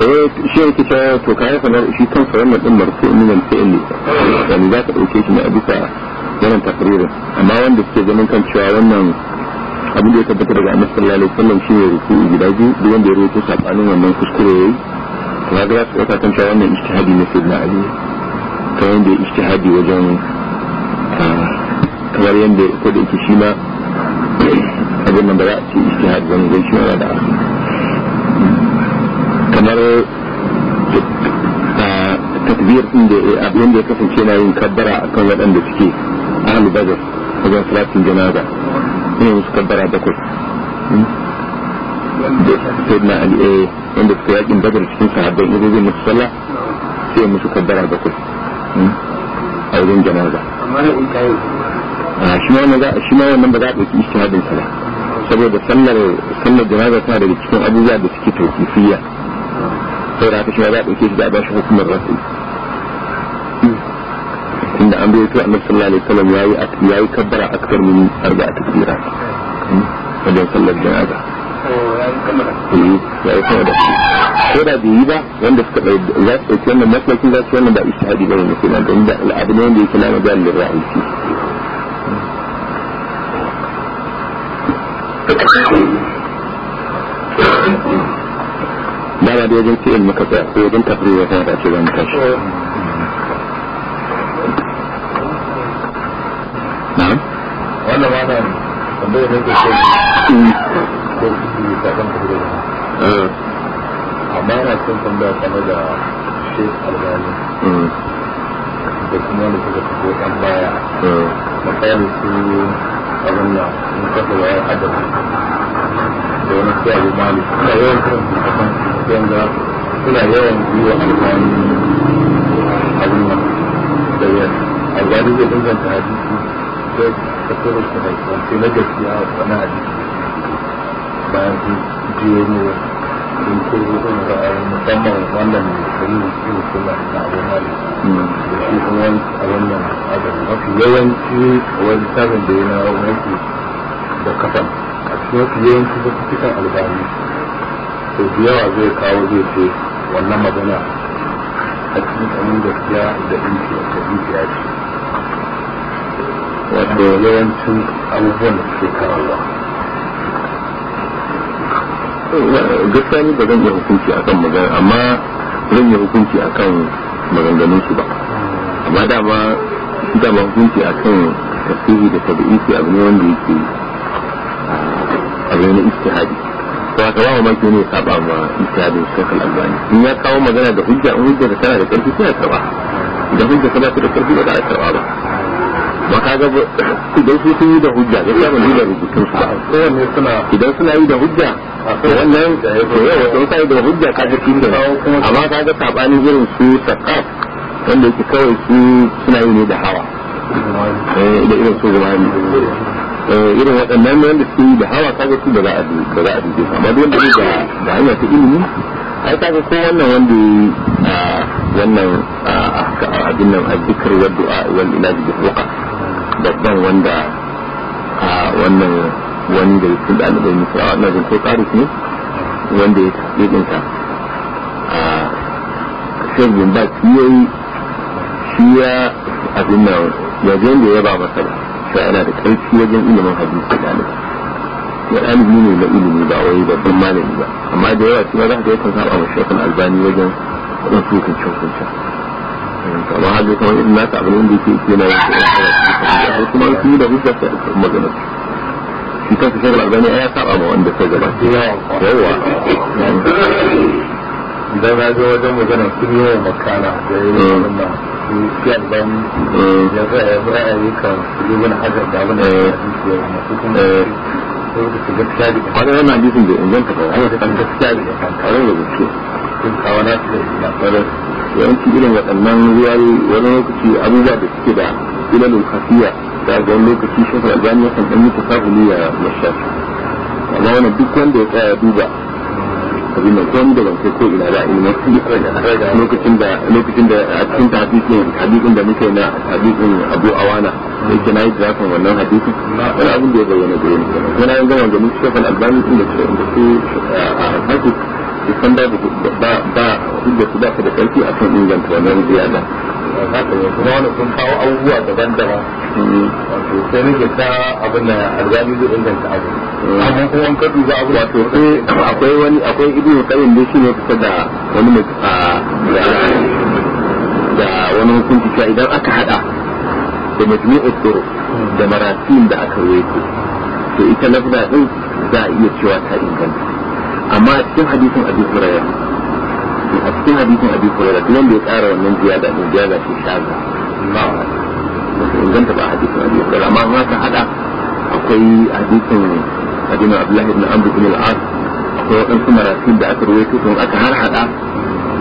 Speaker 1: tsaye eh, shi yake ta to kayan sanar shi kansa wannan din marfu min fi'li yani za ka dauke shi ne a bisa wannan takririn amma wanda suke ganin kan cewa wannan abin da ya tabbata daga annabi sallallahu alaihi wasallam shi ne ruku'u guda biyu duk wanda ya rubuto sabanin wannan kuskure yayi to ga za su dauka kan cewa wannan ijtihadi ne sai na ali ta wanda ya ijtihadi wajen ah, kamar yadda ko da yake shi ma abin nan ba za a ce ijtihadi wani zai shi da kamar takbir abin da ya kasance na yin kabbara a kan waɗanda suke ahalu bazar wajen salatin janaza ina musu kabbara bakwai sayyidina ali wanda suka yakin bazar cikin sahabbai in zai musu sallah sai musu kabbara bakwai a wajen janaza shi ma wannan ba za a ɗauki ishtihadin sa ba saboda sallar sallar janaza tana daga cikin abubuwa da suke tawqifiyya خير هذا شيء باب كيف باب أشوف من الرسول إن أمري النبي صلى الله عليه وسلم ياي ياي كبر أكثر من أربع تكبيرات فجأة صلى الجنازة ko da bai yi ba wanda suka za su ɗauki wannan mafarki za su wannan ba ishadi ba ne kenan don da al'adu ne wanda yake na majalin ra'ayi Thank you. dama da wajen fi'il muka tsaya ko wajen tafri ya kamata ce zan tashi na wannan ma na tambayar
Speaker 2: da ke ce
Speaker 1: ko kuma ta kan tafri amma yana son tambaya kamar da shi albani hmm. da kuma wanda suka fito ɗan baya hmm. misali su abin da sun kasa wayar adam
Speaker 2: da wani su abu mali suna yawan kiran su su banza suna yawan yiwa
Speaker 1: alfani abin nan da ya alfani zai inganta hadisi da kasarar su na gaskiya wani hadisi
Speaker 2: bayan sun sun sun ra'ayi musamman wannan su suna abin da shi kuma a wannan abin mafi yawanci
Speaker 1: wani sabon da yana wani da kafan a cikin mafi yawanci da cikin sau da yawa zai kawo zai ce wannan magana a cikin tsanin gaskiya da inci da inci ya ce wanda yawancin abubuwan da suke kawowa gaskiya ne ba zan yi hukunci akan magana amma zan yi hukunci akan maganganun su ba amma dama shi dama hukunci akan tasiri da tabi'isi abu ne wanda yake ah, abu ne na istihadi to haka ba mamaki ne saba ma shekul albani in ya magana da hujja in hujja tana da karfi sai ya hujja tana da karfi ba za a ba ba ka ga idan su yi da hujja ya sa mun da rubutun idan suna yi da hujja wannan to yau sai da hujja ka ga kin da amma ka ga sabani irin su sakaf wanda yake kawai su suna yi ne da hawa eh, da irin su ne Eh, irin waɗannan ne wanda suke yi da hawa kaga su da za a da za a duje su amma duk wanda da da hanya ta ilimi ai kaga ko wannan wanda wannan abin nan azzikr wa du'a wal ilahi bi ruqa babban wanda wannan wanda ya tunda annabi Musa wannan zai ko karif ne wanda ya tsadin sa sai bin ba shi yayi shi ya abin nan ya je ya ba masa sai yana da ƙarfi wajen ilimin hadisi ne ya ɗalibi ne na ilimi ba wai babban malami ba amma da yawa shi ma za ka ga yakan saba ma albani wajen amma har kamar irin nasa abin da yake kuma su yi da hujja sai a magana shi kansa shekul albani ya saba ma wanda ta gaba yawa idan wajen magana sun yi wa makana da ya yi wannan yalban eh, da da eh, kan na yawanci irin waɗannan ruwayi wani lokaci abubuwa da suke da ilalul khasiya da wani lokaci shafar albani yakan ɗan yi tasahuli ya mashafi amma wani duk wanda ya tsaya duba abin da kwan da wanke ko ina da ilimin lokacin da lokacin da a cikin hadisin hadisin da muke na hadisin abu awana da yake na yi zafin wannan hadisin wani abin da ya bayyana gare ni kuma na yin gama da muke shafan albani inda su eh, a hadis hadisan babu ba ba hujja su ba ta da karfi akan inganta wannan ziyada kuma wani sun kawo abubuwa daban-daban mm. wato sai nake ta abin da arzani zai inganta abu mm. amma kuma an kadu za a wato sai eh, akwai wani akwai ibnu qayyim da shi ne kusa da wani mai da wani hukunci cewa idan aka hada da majmu'ul turuq da maratin da aka rawaito to ita lafza din za a iya cewa ta inganta amma a cikin hadisin abi hurairah a cikin hadisin abi hurairah duk wanda ya ƙara wannan ziyada ne ziyada shi shaza inganta ba hadisin abi hurairah amma ma ta hada akwai hadisin hadisin abdullahi ibn amr ibn al-as akwai waɗansu marasin da aka ruwaito don aka har hada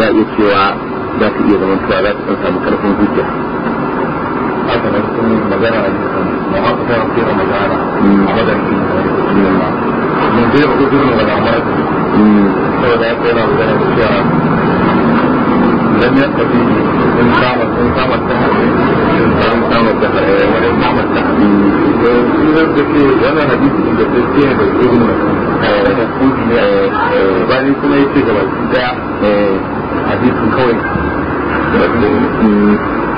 Speaker 1: za a iya cewa za ta iya zaman tuwa za ta ɗan samu ƙarfin hujja haka na magana a cikin mu'akkata fi ramadana a wadannan mun zai yi
Speaker 2: rukun nuna da amma yake kawai da ya kai na wajen yana cewa ya kafi sun kama da ke da ke da ke da kuji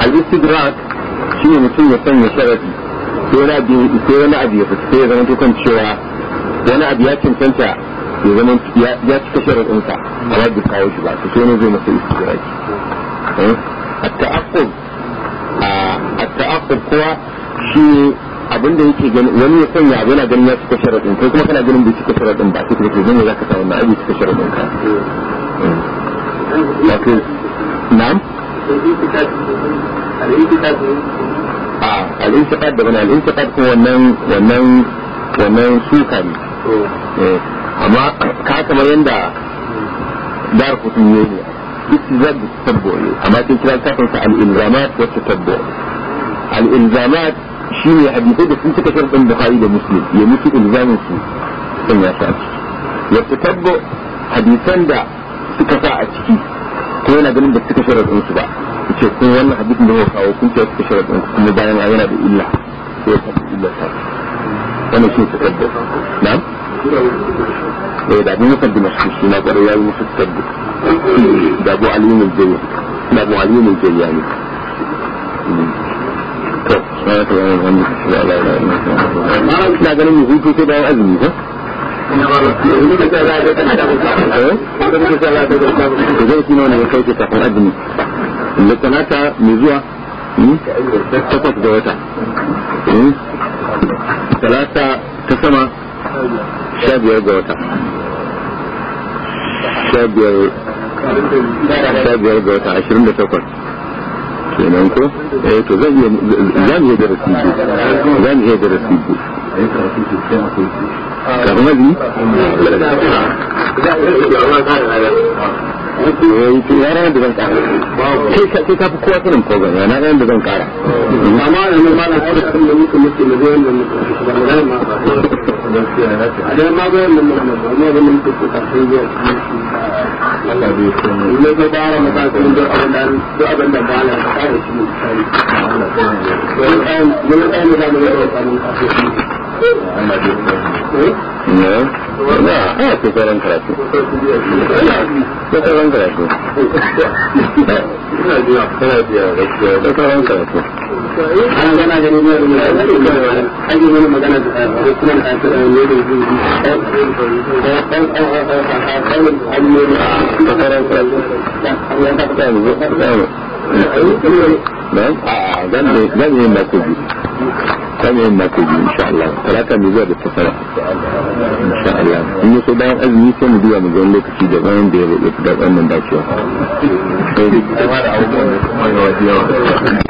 Speaker 1: al shi ne mutum ya sanya sharafi ko wani abu ko wani abu ya fita ya zama tukan cewa wani abu ya cancanta ya zama ya cika sharafinsa amma bai kawo shi ba to sai ne zai masa istidrak eh? at-ta'aqqub at-ta'aqqub kuwa shi abin da yake gani wani ya sanya abu yana ganin ya cika sharaɗin kai kuma kana ganin bai cika sharaɗin ba sai kuma gani za ka samu na abu cika sharaɗin ka wato na'am a kuma wannan wannan wannan ne eh, amma ka kamar dar ne da tabbo amma sai kira kafin sa شين يا ابن قدس انت كشرط البخاري ده مسلم يا مسي الزام مسلم يا شاب يا كتب حديثا ده سكتا اتشكي كونا بلن بس كشرط انت بقى يتشكي وانا حديث ده هو خاوة كنت يا كشرط انت كنا بانا معينا بإلا يا كتب إلا شاب انا شين تكتب نعم ايه ده بيه مثل بمشكش نظر يا المسل تكتب ده ابو علي من الجيان ده ابو علي من الجيان Mm-hmm. na ganin mu hutu sai bayan azumi ko ta da kanata mai zuwa takwas da wata talata ta sama sha biyar ga wata sha biyar ga wata ashirin da takwas kenan ko eh to zan iya zan iya darasi ko zan iya darasi ya ranar da zan kara sai ka fi kowa sanin program ya ranar da zan kara amma na aure abin da muka muke na zai yanzu na ma ba
Speaker 2: a da ma zai yanzu ma da muka fi karfin zai ne zai bara matakin da abin da da abin da ba na kare shi ne
Speaker 1: na a kokarin karatu ne ne kamar yin ku biyu insha Allah talata mai zuwa da tafara insha Allah in yi so bayan azumi sai mu duba mu ga lokaci da bayan da ya da wannan
Speaker 2: dacewa